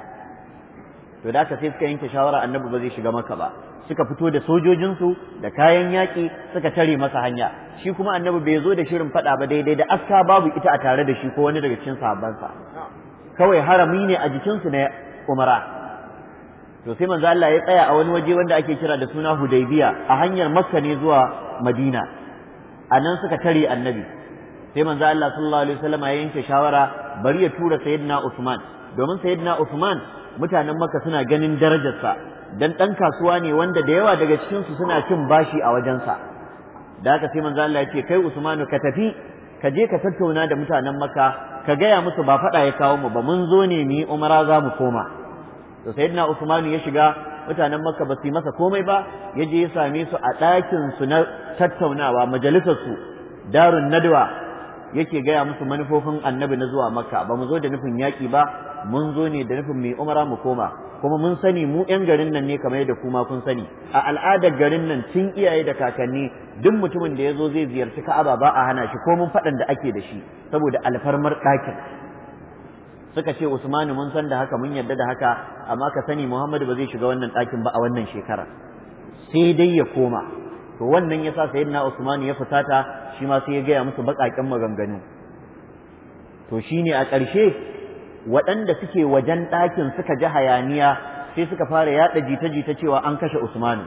to da aka sai suka yanke shawara annabi ba zai shiga maka ba suka fito da sojojinsu da kayan yaki suka tare masa hanya shi kuma annabi bai zo da shirin faɗa ba daidai da aska babu ita a tare da shi ko wani daga cikin sahabbansa kawai harami ne a jikinsu na umara to sai manzo Allah ya tsaya a wani waje wanda ake kira da suna Hudaybiya a hanyar Makka ne zuwa Madina a nan suka tare annabi sai manzo Allah sallallahu alaihi wasallam ya yanke shawara bari ya tura sayyidina Uthman domin sayyidina Uthman mutanen Makka suna ganin darajarsa dan dan kasuwa ne wanda da yawa daga cikin su suna cin bashi a wajensa da haka sai manzo Allah ya ce kai Usmanu ka tafi ka je ka tattauna da mutanen Makka ka gaya musu ba faɗa ya kawo mu ba mun zo ne mu yi umara za mu koma to sayyidina Uthman ya shiga mutanen makka ba su yi masa komai ba ya je ya same su a ɗakin su na tattaunawa majalisar su darun nadwa yake gaya musu manufofin annabi na zuwa makka ba mu zo da nufin yaƙi ba mun zo ne da nufin mai umara mu koma kuma mun sani mu 'yan garin nan ne kamar yadda kuma kun sani a al'adar garin nan tun iyaye da kakanni duk mutumin da ya zo zai ziyarci ka'aba ba a hana shi ko mun faɗan da ake da shi saboda alfarmar ɗakin suka ce Usmanu mun san da haka mun yarda da haka amma ka sani Muhammadu ba zai shiga wannan ɗakin ba a wannan shekara sai dai ya koma to wannan yasa sayyidina Usmanu ya fusata shi ma sai ya gaya musu baƙaƙen maganganu to shine a ƙarshe waɗanda suke wajen ɗakin suka ji hayaniya sai suka fara yaɗa jita-jita cewa an kashe Usmanu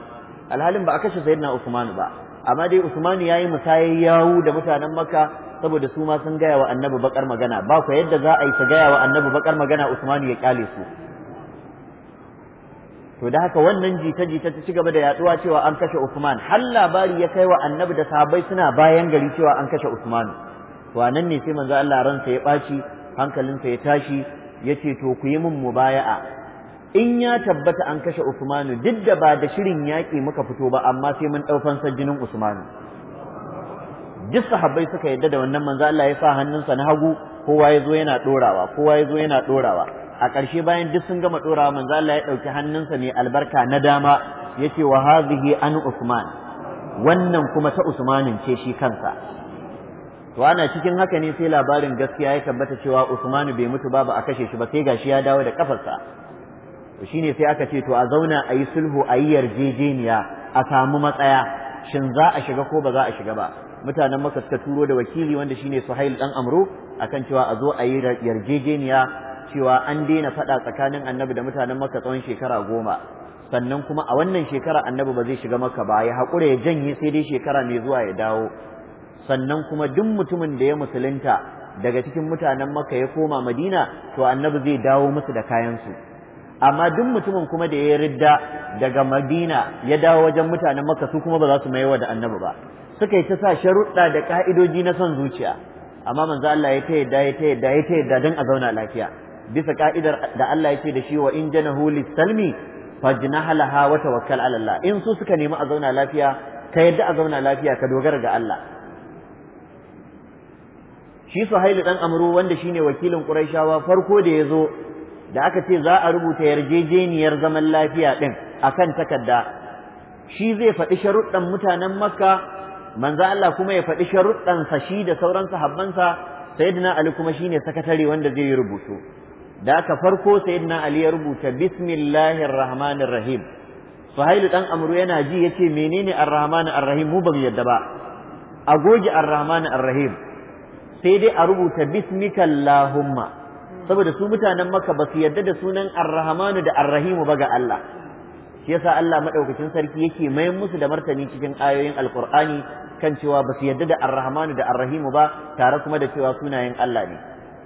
alhalin ba a kashe sayyidina Usmanu ba amma dai Usmanu yayi musayayyawu da mutanen Makka saboda su ma sun gaya wa annabi bakar magana ba ku yadda za a yi ta gaya wa annabi bakar magana usmanu ya kyale su to da haka wannan jita-jita ta ci gaba da yaduwa cewa an kashe usman har labari ya kai wa annabi da sahabbai suna bayan gari cewa an kashe usman to anan ne sai manzo Allah ransa ya ɓaci hankalinsa ya tashi ya ce to ku yi min mubaya'a in ya tabbata an kashe Usmanu duk da ba da shirin yaƙi muka fito ba amma sai mun ɗaufan jinin Usmanu duk sahabbai suka yadda da wannan manzo Allah ya sa hannunsa na hagu kowa ya zo yana dorawa kowa ya zo yana dorawa a ƙarshe bayan duk sun gama dorawa manzo Allah ya ɗauki hannunsa mai albarka na dama yace wa hadhihi an Usman wannan kuma ta Usmanin ce shi kansa to ana cikin haka ne sai labarin gaskiya ya tabbata cewa Usmanu bai mutu ba ba a kashe shi ba sai gashi ya dawo da kafarsa to shine sai aka ce to a zauna a yi sulhu a yi yarjejeniya a samu matsaya shin za a shiga ko ba za a shiga ba mutanen maka suka turo da wakili wanda shine suhail dan amru akan cewa a zo a yi yarjejeniya cewa an daina faɗa tsakanin annabi da mutanen maka tsawon shekara goma sannan kuma a wannan shekara annabi ba zai shiga maka ba ya hakura ya janye sai dai shekara mai zuwa ya dawo sannan kuma duk mutumin da ya musulunta daga cikin mutanen maka ya koma madina to annabi zai dawo musu da kayansu amma duk mutumin kuma da ya ridda daga madina ya dawo wajen mutanen maka su kuma ba za su maiwa da annabi ba suka yi ta sa sharuɗa da ƙa'idoji na son zuciya amma manzo Allah ya ta yadda ya ta yadda ya ta yadda don a zauna lafiya bisa ka'idar da Allah ya ce da shi wa in jana huli salmi fajnah na wa tawakkal 'ala Allah in su suka nemi a zauna lafiya ka yadda a zauna lafiya ka dogara ga Allah shi Suhailu dan Amru wanda shine wakilin Qurayshawa farko da ya zo da aka ce za a rubuta yarjejeniyar zaman lafiya din akan takarda shi zai faɗi sharuɗan mutanen Makka manzo Allah kuma ya faɗi sharuɗansa shi da sauran sahabbansa sayyidina Ali kuma shine sakatare wanda zai yi rubutu da aka farko sayyidina Ali ya rubuta bismillahir rahmanir rahim Suhailu dan Amru yana ji yace menene ar-rahman mu ba yadda ba a goge ar rahim sai dai a rubuta bismika saboda su mutanen maka ba su yadda da sunan arrahmanu da arrahimu ba ga Allah shi yasa Allah madaukakin sarki yake mayan musu da martani cikin ayoyin alqur'ani kan cewa ba su yadda da arrahmanu da arrahimu ba tare kuma da cewa sunayen Allah ne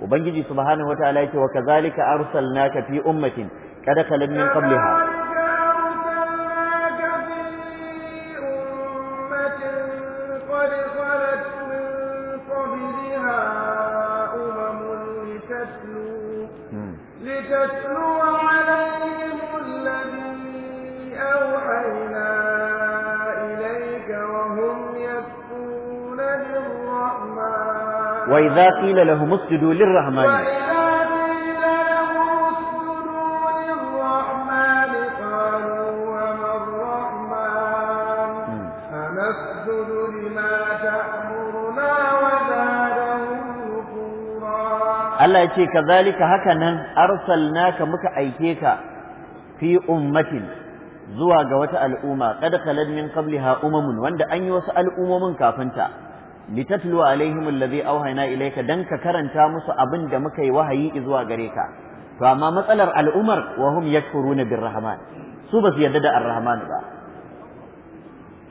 ubangiji subhanahu wataala yake wa kazalika arsalnaka fi ummatin kada khalat min وإذا قيل لهم اسجدوا للرحمن hmm. Allah ya ce zalika haka nan arsalnaka muka aike ka fi ummatin zuwa ga wata al'umma kada khalad min qabliha umamun wanda an yi wasu al'umomin kafinta litatlu alaihim allazi auhayna ilayka dan ka karanta musu abin da muka yi wahayi zuwa gare ka to amma matsalar al'umar wa hum yakfuruna birrahman su ba su yarda da arrahman ba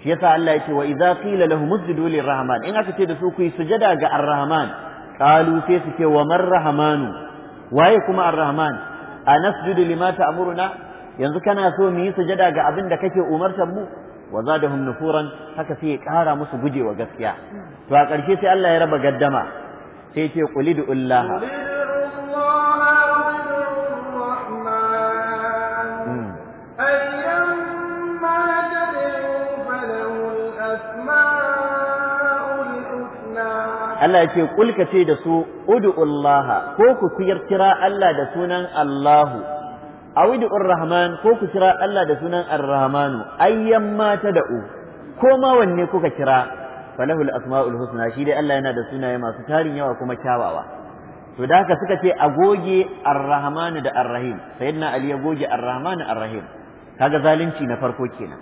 shi yasa Allah yake wa idza qila lahum usjudu lirrahman in aka ce da su ku yi sujada ga arrahman qalu sai su ce wa marrahmanu waye kuma arrahman a nasjudu lima ta'muruna yanzu kana so mu yi sujada ga abin da kake umartar mu wa zadahum nufuran haka sai ya kara musu gujewa gaskiya to a ƙarshe sai Allah ya raba gaddama sai ya ce qulidu ullaha hmm. Allah ya ce kulka ce da su udu'ullaha ko ku kuyar kira Allah da sunan Allahu awidu rahman ko ku kira Allah da sunan ar-rahmanu ta da'u ko ma wanne kuka kira falahu asmaul husna shi dai Allah yana da sunaye masu tarin yawa kuma kyawawa to da haka suka ce a goge ar-rahman da ar-rahim sayyidina ali ya goge ar-rahman ar-rahim kaga zalunci na farko kenan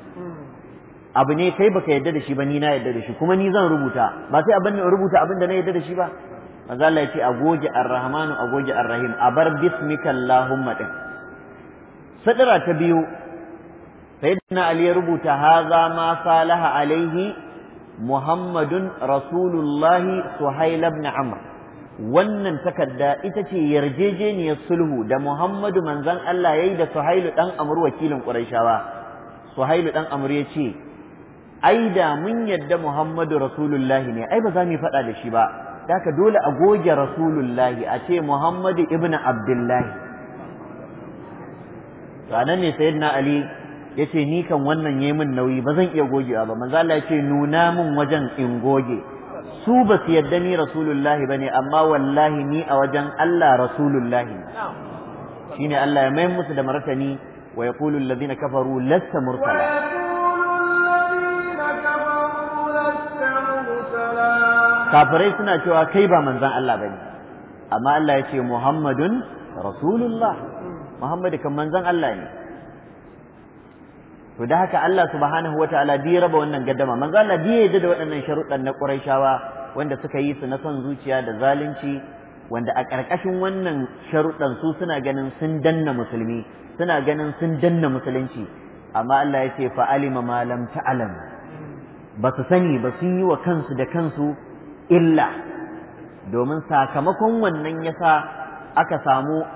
abu ne kai baka yadda da shi ba ni na yadda da shi kuma ni zan rubuta ba sai abin rubuta abin da na yadda da shi ba manzo Allah ya ce a goge ar-rahman a goge ar-rahim a bar bismika allahumma din sadara ta biyu sayyidina ali ya rubuta haza ma salaha alaihi muhammadun rasulullahi suhail ibn amr wannan takarda ita ce yarjejeniyar sulhu da muhammadu manzon Allah yayi da suhailu dan amur wakilin quraishawa suhailu dan amur ya ce ai da mun yadda muhammadu rasulullahi ne ai ba za mu faɗa da shi ba daka dole a goge rasulullahi a ce muhammadu ibn abdullahi ranar ne ne na ali yace ni kan wannan yi min nauyi ba zan iya gogewa ba manzo Allah ce nuna min wajen in goge su ba su yadda ni rasulullahi bane amma wallahi ni a wajen Allah rasulullahi shine Allah ya mai musu da martani wa yaqulu alladhina kafaru lasta mursala kafirai suna cewa kai ba manzan Allah bane amma Allah ya ce Muhammadun Rasulullah Muhammadu kan manzon Allah ne to da haka Allah subhanahu ta'ala bi raba wannan gaddama manzo Allah bi yadda da waɗannan sharuɗan na Qurayshawa wanda suka yi su na son zuciya da zalunci wanda a ƙarƙashin wannan sharuɗan su suna ganin sun danna musulmi suna ganin sun danna musulunci amma Allah ya ce fa alima ma lam ta'lam ba su sani ba sun yi wa kansu da kansu illa domin sakamakon wannan yasa aka samu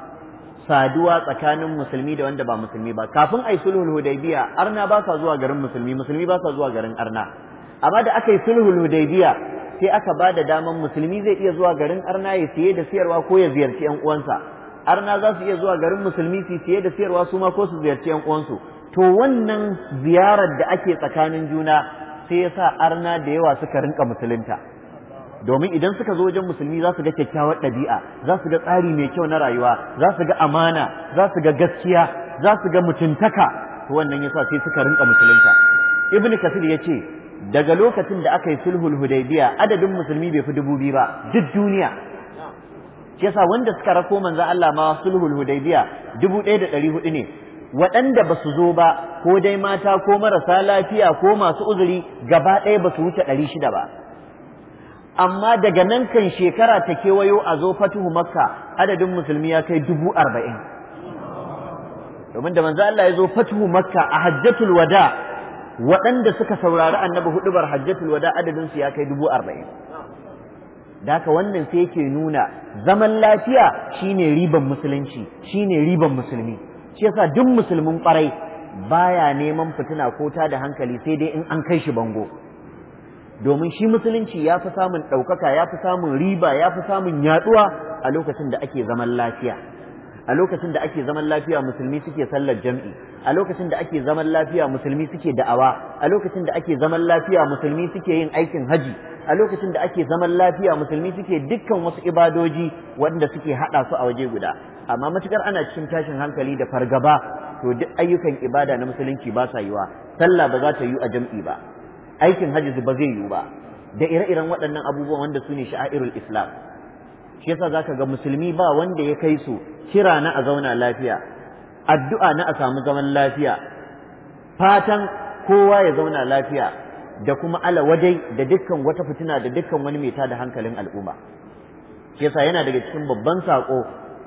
saduwa tsakanin musulmi da wanda ba musulmi ba kafin ai sulhul hudaybiya arna ba sa zuwa garin musulmi musulmi ba sa zuwa garin arna amma da aka yi sulhul hudaybiya sai aka ba da daman musulmi zai iya zuwa garin arna ya siye da siyarwa ko ya ziyarci yan uwansa arna za su iya zuwa garin musulmi su siye da siyarwa su ma ko su ziyarci yan uwansu to wannan ziyarar da ake tsakanin juna sai ya sa arna da yawa suka rinka musulunta domin idan suka zo wajen musulmi za su ga kyakkyawar ɗabi'a za su ga tsari mai kyau na rayuwa za su ga amana za su ga gaskiya za su ga mutuntaka to wannan yasa sai suka rinka musulunta ibnu kasir ya ce daga lokacin da aka yi sulhul hudaybiya adadin musulmi bai fi dubu biyu ba duk duniya shi yasa wanda suka rako manzo Allah ma sulhul hudaybiya dubu ɗaya da ɗari hudu ne waɗanda ba su zo ba ko dai mata ko marasa lafiya ko masu uzuri gaba ɗaya ba su wuce ɗari shida ba amma daga nan kan shekara ta kewayo a zo fatuhu makka adadin musulmi ya kai dubu arba'in domin da manzo Allah ya zo fatuhu makka a hajjatul wada waɗanda suka saurari annabi hudubar hajjatul wada adadin su ya kai dubu arba'in da haka wannan sai yake nuna zaman lafiya shine riban musulunci shine riban musulmi shi yasa duk musulmin kwarai baya neman fitina ko ta da hankali sai dai in an kai shi bango domin shi musulunci ya fi samun ɗaukaka ya fi samun riba ya fi samun yaɗuwa a lokacin da ake zaman lafiya a lokacin da ake zaman lafiya musulmi suke sallar jam'i a lokacin da ake zaman lafiya musulmi suke da'awa a lokacin da ake zaman lafiya musulmi suke yin aikin haji a lokacin da ake zaman lafiya musulmi suke dukkan wasu ibadoji wanda suke haɗa su a waje guda amma matukar ana cikin tashin hankali da fargaba to duk ayyukan ibada na musulunci ba sa yiwa sallah ba za ta yi a jam'i ba aikin hajji ba zai yiwu ba da ire-iren waɗannan abubuwan wanda su ne sha'irul islam shi yasa zaka ga musulmi ba wanda ya kai su kira na a zauna lafiya addu'a na a samu zaman lafiya fatan kowa ya zauna lafiya da kuma ala wajai da dukkan wata fitina da dukkan wani mai da hankalin al'umma shi yasa yana daga cikin babban sako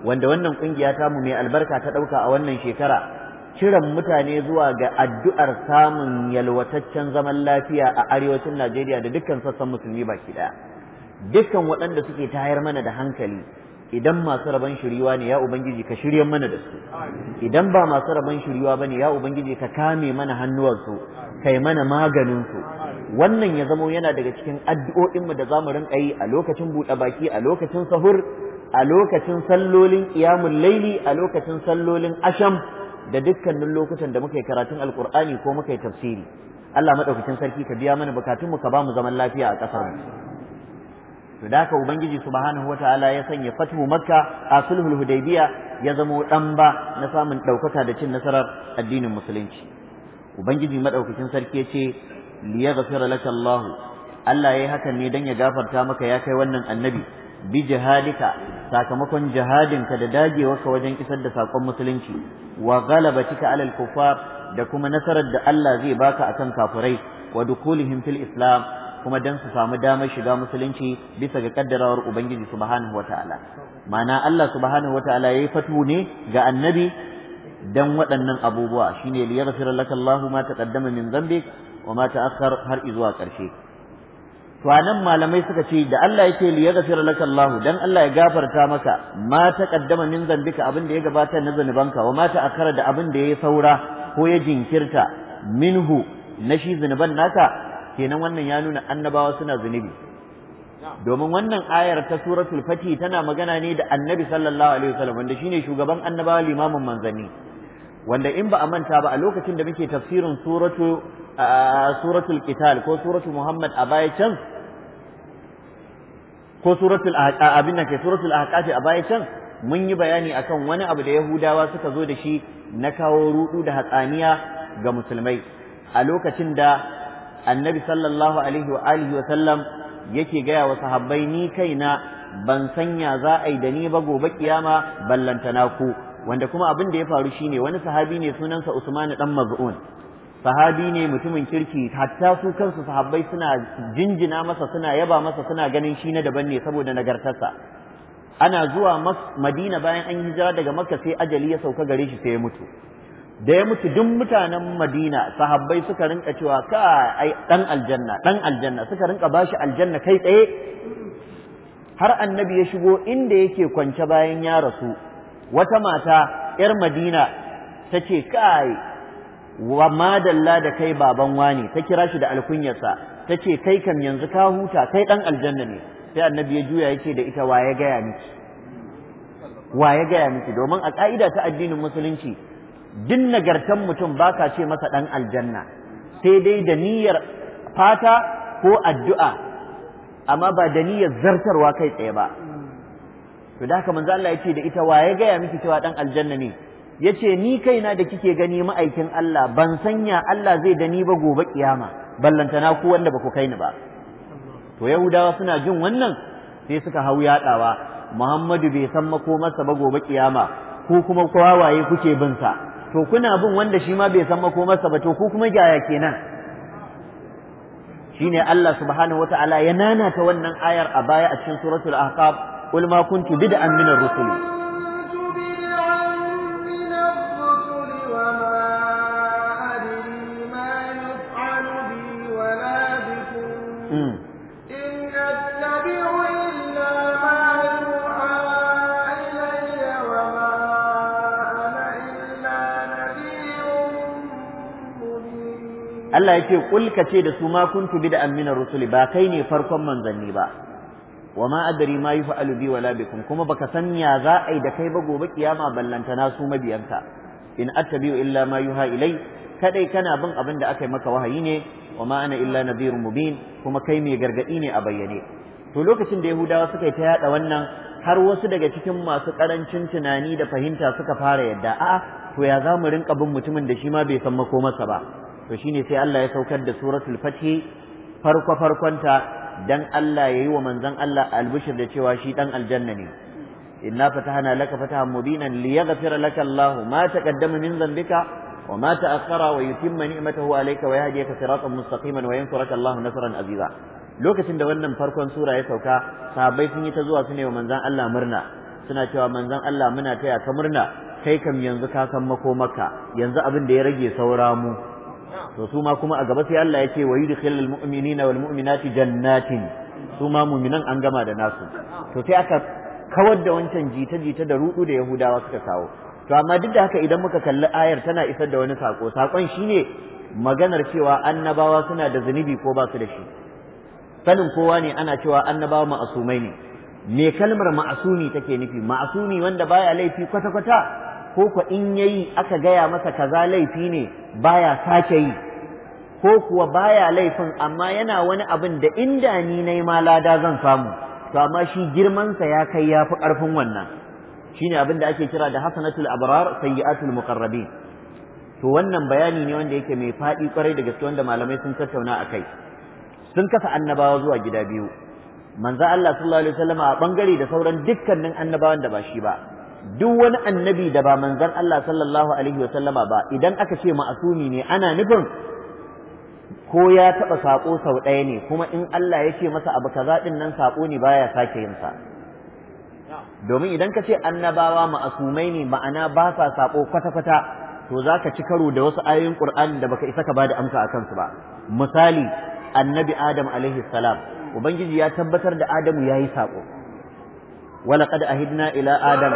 wanda wannan kungiya ta mu mai albarka ta ɗauka a wannan shekara kiran mutane zuwa ga addu'ar samun yalwataccen zaman lafiya a arewacin Najeriya da dukkan sassan musulmi baki ɗaya. Dukkan waɗanda suke tayar mana da hankali idan masu rabon shiriwa ne ya Ubangiji ka shirya mana da su, idan ba masu rabon shiriwa ba ne ya Ubangiji ka kame mana hannuwarsu, kai mana maganinsu. Wannan ya zamo yana daga cikin addu'o'inmu da za mu rinƙa yi a lokacin buɗe baki, a lokacin sahur, a lokacin sallolin ƙiyamun laili, a lokacin sallolin asham, da dukkanin lokutan da muka yi karatun alkur'ani ko muka yi tafsiri Allah maɗaukacin sarki ka biya mana bukatunmu ka ba mu zaman lafiya a ƙasar mu to da haka ubangiji subhanahu wataala ya sanya fathu makka a sulhul hudaybiya ya zama dan ba na samun daukaka da cin nasarar addinin musulunci ubangiji maɗaukacin sarki ya ce liyaghfira lakallahu Allah ya yi hakan ne dan ya gafarta maka ya kai wannan annabi bi jihadika sakamakon jihadinka da dagewarka wajen kisar da sakon musulunci wa galabatika alal kuffar da kuma nasarar da Allah zai baka akan kafirai wa dukulihim fil islam kuma dan su samu damar shiga musulunci bisa ga kaddarawar ubangiji subhanahu wataala ma'ana Allah subhanahu wataala yayi fatu ne ga annabi dan waɗannan abubuwa shine liyaghfir laka Allahu ma taqaddama min dhanbik wa ma ta'akhkhar har izuwa ƙarshe Kwanan malamai suka ce da Allah yake li yaghfir laka dan Allah ya gafarta maka ma kaddama min zambika abin da ya gabata na zanubanka wa ma ta'akkara da abin da ya saura ko ya jinkirta minhu na shi zanuban naka kenan wannan ya nuna annabawa suna zunubi domin wannan ayar ta suratul fati tana magana ne da annabi sallallahu alaihi wasallam wanda shine shugaban annabawa limamin manzanni wanda in ba a manta ba a lokacin da muke tafsirin suratu suratul qital ko suratu muhammad a baya can ko suratul abin nan ke, suratul ce a baya can mun yi bayani akan wani abu da yahudawa suka zo da shi na kawo rudu da hatsaniya ga musulmai a lokacin da annabi sallallahu alaihi wa alihi wa sallam yake gaya wa sahabbai ni kaina ban sanya za a yi da ni ba gobe kiyama ballantana ku wanda kuma abin da ya faru shine wani sahabi ne sunansa Usman dan Maz'un sahabi ne mutumin kirki hatta su kansu sahabbai suna jinjina masa suna yaba masa suna ganin shi na daban ne saboda nagartarsa ana zuwa madina bayan an hijira daga makka sai ajali ya sauka gare shi sai ya mutu da ya mutu duk mutanen madina sahabbai suka rinka cewa ka ai dan aljanna dan aljanna suka rinka bashi aljanna kai tsaye har annabi ya shigo inda yake kwance bayan ya rasu wata mata yar madina ta ce kai wa madalla da kai baban wani ta kira shi da alkunyarsa ta ce kai kam yanzu ka huta kai dan aljanna ne sai annabi ya juya yake da ita wa ya gaya miki wa ya gaya miki domin a ka'ida ta addinin musulunci din nagartan mutum ba ka ce masa dan aljanna sai dai da niyyar fata ko addu'a amma ba da niyyar zartarwa kai tsaye ba to da haka manzo Allah ya da ita wa ya gaya miki cewa dan aljanna ne ya ce ni kaina da kike gani ma'aikin Allah ban sanya Allah zai da ni ba gobe kiyama ballantana ku wanda ba ku kai ni ba to yahudawa suna jin wannan sai suka hau yaɗawa Muhammadu bai san makomarsa ba gobe kiyama ko kuma kwawaye kuke bin sa to kuna bin wanda shi ma bai san masa ba to ku kuma jaya kenan shine Allah subhanahu wata'ala ya ta wannan ayar a baya a cikin suratul ahqaf ulma kuntu bid'an min ar-rusul Allah ya ce kul ka ce da su ma kuntu da Amina rusuli ba kai ne farkon manzanni ba wa ma adri ma yaf'alu bi wala bikum kuma baka san ya za a da kai ba gobe kiyama na su mabiyanka in attabi'u illa ma yuha ilai kadai kana bin abin da aka maka wahayi ne wa ma ana illa nadhirun mubin kuma kai mai gargadi ne a bayyane to lokacin da yahudawa suka yi ta yada wannan har wasu daga cikin masu karancin tunani da fahimta suka fara yadda a'a to ya za mu rinka bin mutumin da shi ma bai san mako masa ba to shine sai Allah ya saukar da suratul fathi farko farkonta dan Allah yayi wa manzon Allah albishir da cewa shi dan aljanna ne inna fatahna laka fatahan mubinan liyaghfira laka Allah ma taqaddama min dhanbika wa ma ta'akhkhara wa yutimma ni'matahu alayka wa yahdiyaka siratan mustaqiman wa yansuraka Allah nasran aziza lokacin da wannan farkon sura ya sauka sahabbai sun yi ta zuwa su ne wa manzon Allah murna suna cewa manzon Allah muna taya ka murna kai kam yanzu ka san makomarka yanzu abin da ya rage saura mu to su ma kuma a gaba sai Allah ya ce wa yudkhilul mu'minina wal mu'minati jannatin su ma mu'minan an gama da nasu to sai aka kawar da wancan jita-jita da rudu da Yahudawa suka kawo to amma duk da haka idan muka kalli ayar tana isar da wani sako sakon shine maganar cewa annabawa suna da zunubi ko ba su da shi sanin kowa ne ana cewa annabawa ma'asumai ne me kalmar ma'asumi take nufi ma'asumi wanda baya laifi kwata-kwata ko ku in yayi aka gaya masa kaza laifi ne baya sake yi ko kuwa baya laifin amma yana wani abin da inda ni na ma lada zan samu to amma shi girmansa ya kai ya fi ƙarfin wannan shine abin da ake kira da hasanatul abrar sayyi'atul muqarrabin to wannan bayani ne wanda yake mai faɗi kwarai da gaske wanda malamai sun tattauna a kai sun kafa annabawa zuwa gida biyu manzo Allah sallallahu alaihi wasallam a bangare da sauran dukkanin annabawan da ba shi ba duk wani annabi da ba manzon Allah sallallahu alaihi wa sallama ba idan aka ce ma'asumi ne ana nufin ko ya taɓa saƙo sau ɗaya ne kuma in Allah ya ce masa abu kaza ɗin nan saƙo ne baya sake yin sa domin idan ka ce annabawa ma'asumai ne ma'ana ba sa saƙo kwata-kwata to za ka ci karo da wasu ayoyin ƙur'ani da baka isa ka ba da amsa a kansu ba misali annabi adam alaihi salam ubangiji ya tabbatar da adamu ya yi saƙo ولقد أهدنا ila آدم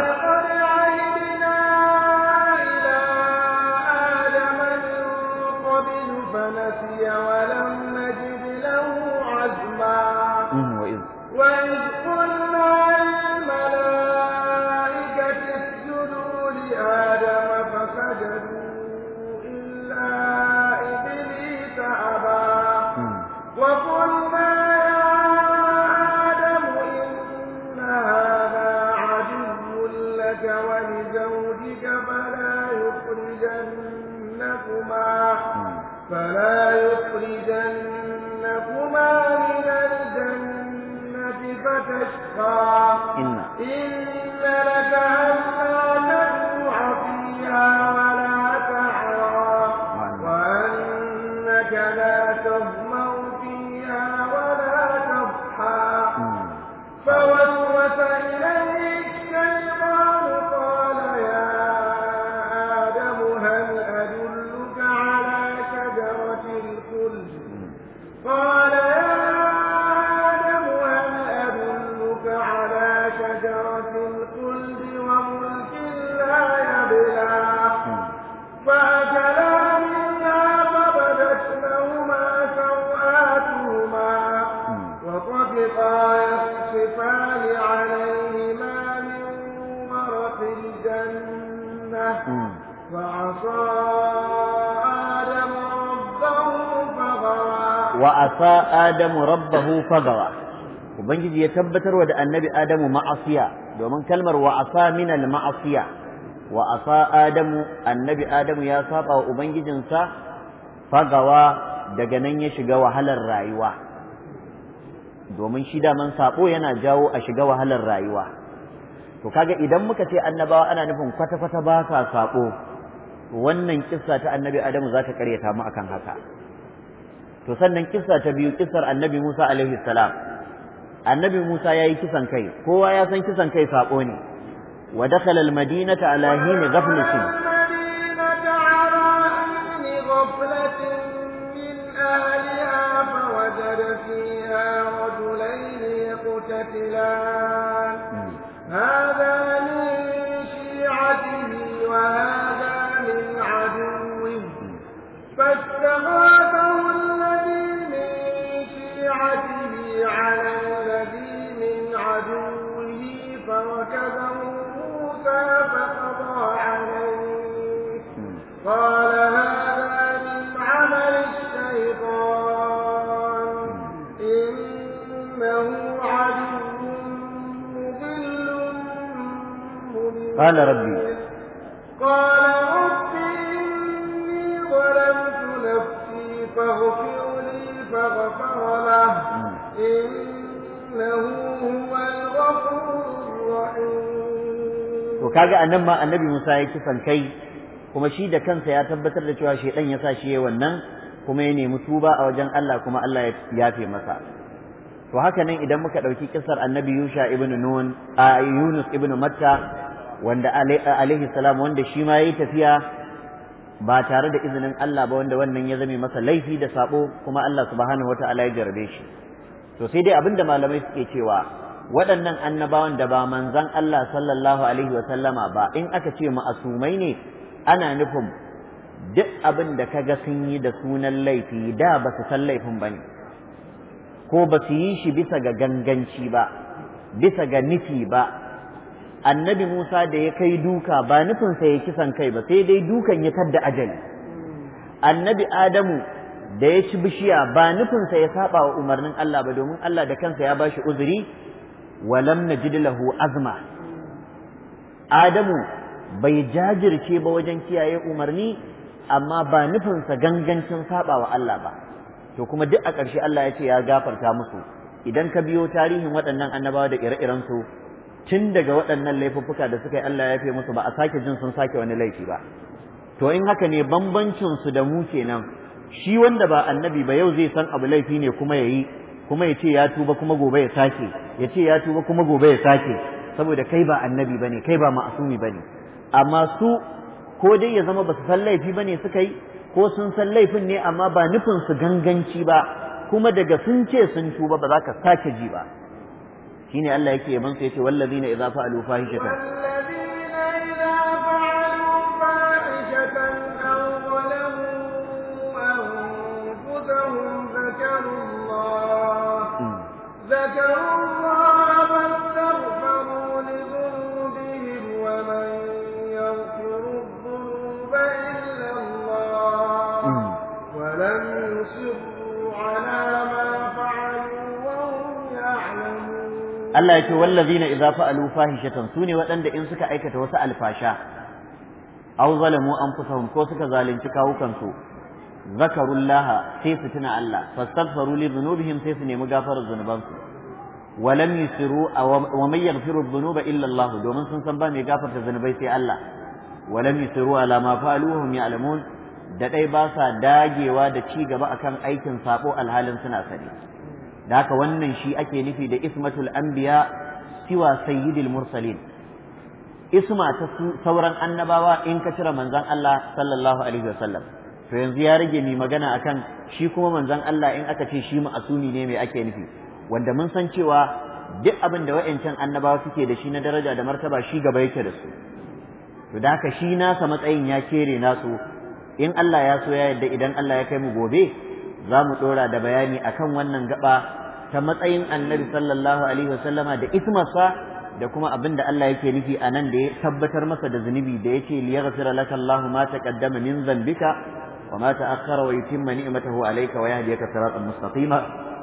adamu rabbahu fagawa ubangiji ya tabbatar tabbatarwa da annabi adamu ma'asiya domin kalmar wa asa min al adamu annabi adamu ya saba wa ubangijinsa fagawa daga nan ya shiga wahalar rayuwa domin shi daman sabo yana jawo a shiga wahalar rayuwa to kaga idan muka ce annabawa ana nufin kwata-kwata ba sa wannan kissa ta annabi adamu za ta karyata mu akan haka to sannan kissa ta biyu kissar annabi Musa alaihi salam annabi Musa yayi kisan kai kowa ya san kisan kai sako ne wa dakhala almadinata ala hin ghaflatin قال ربي قال ربي إني ظلمت نفسي فاغفر لي فغفر له إنه هو الغفور الرحيم وكاجا أنما النبي موسى يكفن كي kuma shi da kansa ya tabbatar da cewa shedan ya sa shi yayi wannan kuma ya nemi tuba a wajen Allah kuma Allah ya yafe masa to haka nan idan muka dauki kisar annabi Yusha ibn Nun a Yunus ibn Matta wanda alaihi salam wanda shi ma yayi tafiya ba tare da izinin Allah ba wanda wannan ya zame masa laifi da sabo kuma Allah subhanahu wataala ya jarbe shi to sai dai abinda malamai suke cewa waɗannan annabawan da ba manzan Allah sallallahu alaihi wa sallama ba in aka ce mu ma'asumai ne ana nufin duk abin da kaga sun yi da sunan laifi da ba su san laifin ba ne ko ba su yi shi bisa ga ganganci ba bisa ga nufi ba annabi Musa da ya kai duka ba nufinsa ya kisan kai ba sai dai dukan ya tadda ajali annabi Adamu da ya ci bishiya ba nufinsa ya saba wa umarnin Allah ba domin Allah da kansa ya bashi uzuri walam najid lahu azma Adamu bai jajirce ba wajen kiyaye umarni amma ba nufinsa gangancin saba wa Allah ba to kuma duk a ƙarshe Allah ya ce ya gafarta musu idan ka biyo tarihin waɗannan annabawa da ire-irensu tun daga waɗannan laifuffuka da suka yi Allah ya fi musu ba a sake jin sun sake wani laifi ba to in haka ne bambancin su da mu kenan shi wanda ba annabi ba yau zai san abu laifi ne kuma ya yi kuma ya ce ya tuba kuma gobe ya sake ya ce ya tuba kuma gobe ya sake saboda kai ba annabi ba ne kai ba ma'asumi ba ne amma su ko dai ya zama ba su san laifi ba ne suka yi ko sun san laifin ne amma ba nufin su ganganci ba kuma daga sun ce sun tuba ba za ka sake ji ba shine Allah yake yaban sa yace wallazina idza fa'alu fahishatan Allah ya ce wallazina idza fa'alu fahishatan sune waɗanda in suka aikata wasu alfasha aw zalamu anfusahum ko suka zalunci kawukansu zakarullaha sai su tuna Allah fastaghfiru li dhunubihim sai su nemi gafarar zunubansu walam yusiru wa man yaghfiru dhunuba illa Allah domin sun san ba mai gafarta zunubai sai Allah walam yusiru ala ma fa'alu hum ya'lamun da dai ba sa dagewa da ci gaba akan aikin sabo alhalin suna sani da haka wannan shi ake nufi da ismatul anbiya siwa sayyidil mursalin isma ta sauran annabawa in ka cire manzon Allah sallallahu alaihi wasallam to yanzu ya rage ni magana akan shi kuma manzon Allah in aka ce shi ma'asumi ne mai ake nufi wanda mun san cewa duk abin da wa'ancan annabawa suke da shi na daraja da martaba shi gaba yake da su to da haka shi nasa matsayin ya kere nasu in Allah ya so ya yadda idan Allah ya kai mu gobe za mu ɗora da bayani akan wannan gaba ta matsayin annabi sallallahu alaihi wasallama da ismarsa da kuma abin da Allah yake nufi a nan da ya tabbatar masa da zunubi da yake liyaghfira laka Allahu ma taqaddama min dhanbika wa ma ta'akhkhara wa yutimma ni'matahu alayka wa yahdiyaka siratan mustaqima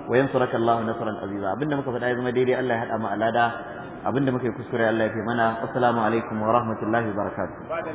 wa yansuraka Allahu nasran aziza abinda muka faɗa ya zama daidai Allah ya hada mu alada abinda muka yi kuskure Allah ya fi mana assalamu alaikum wa rahmatullahi wa barakatuh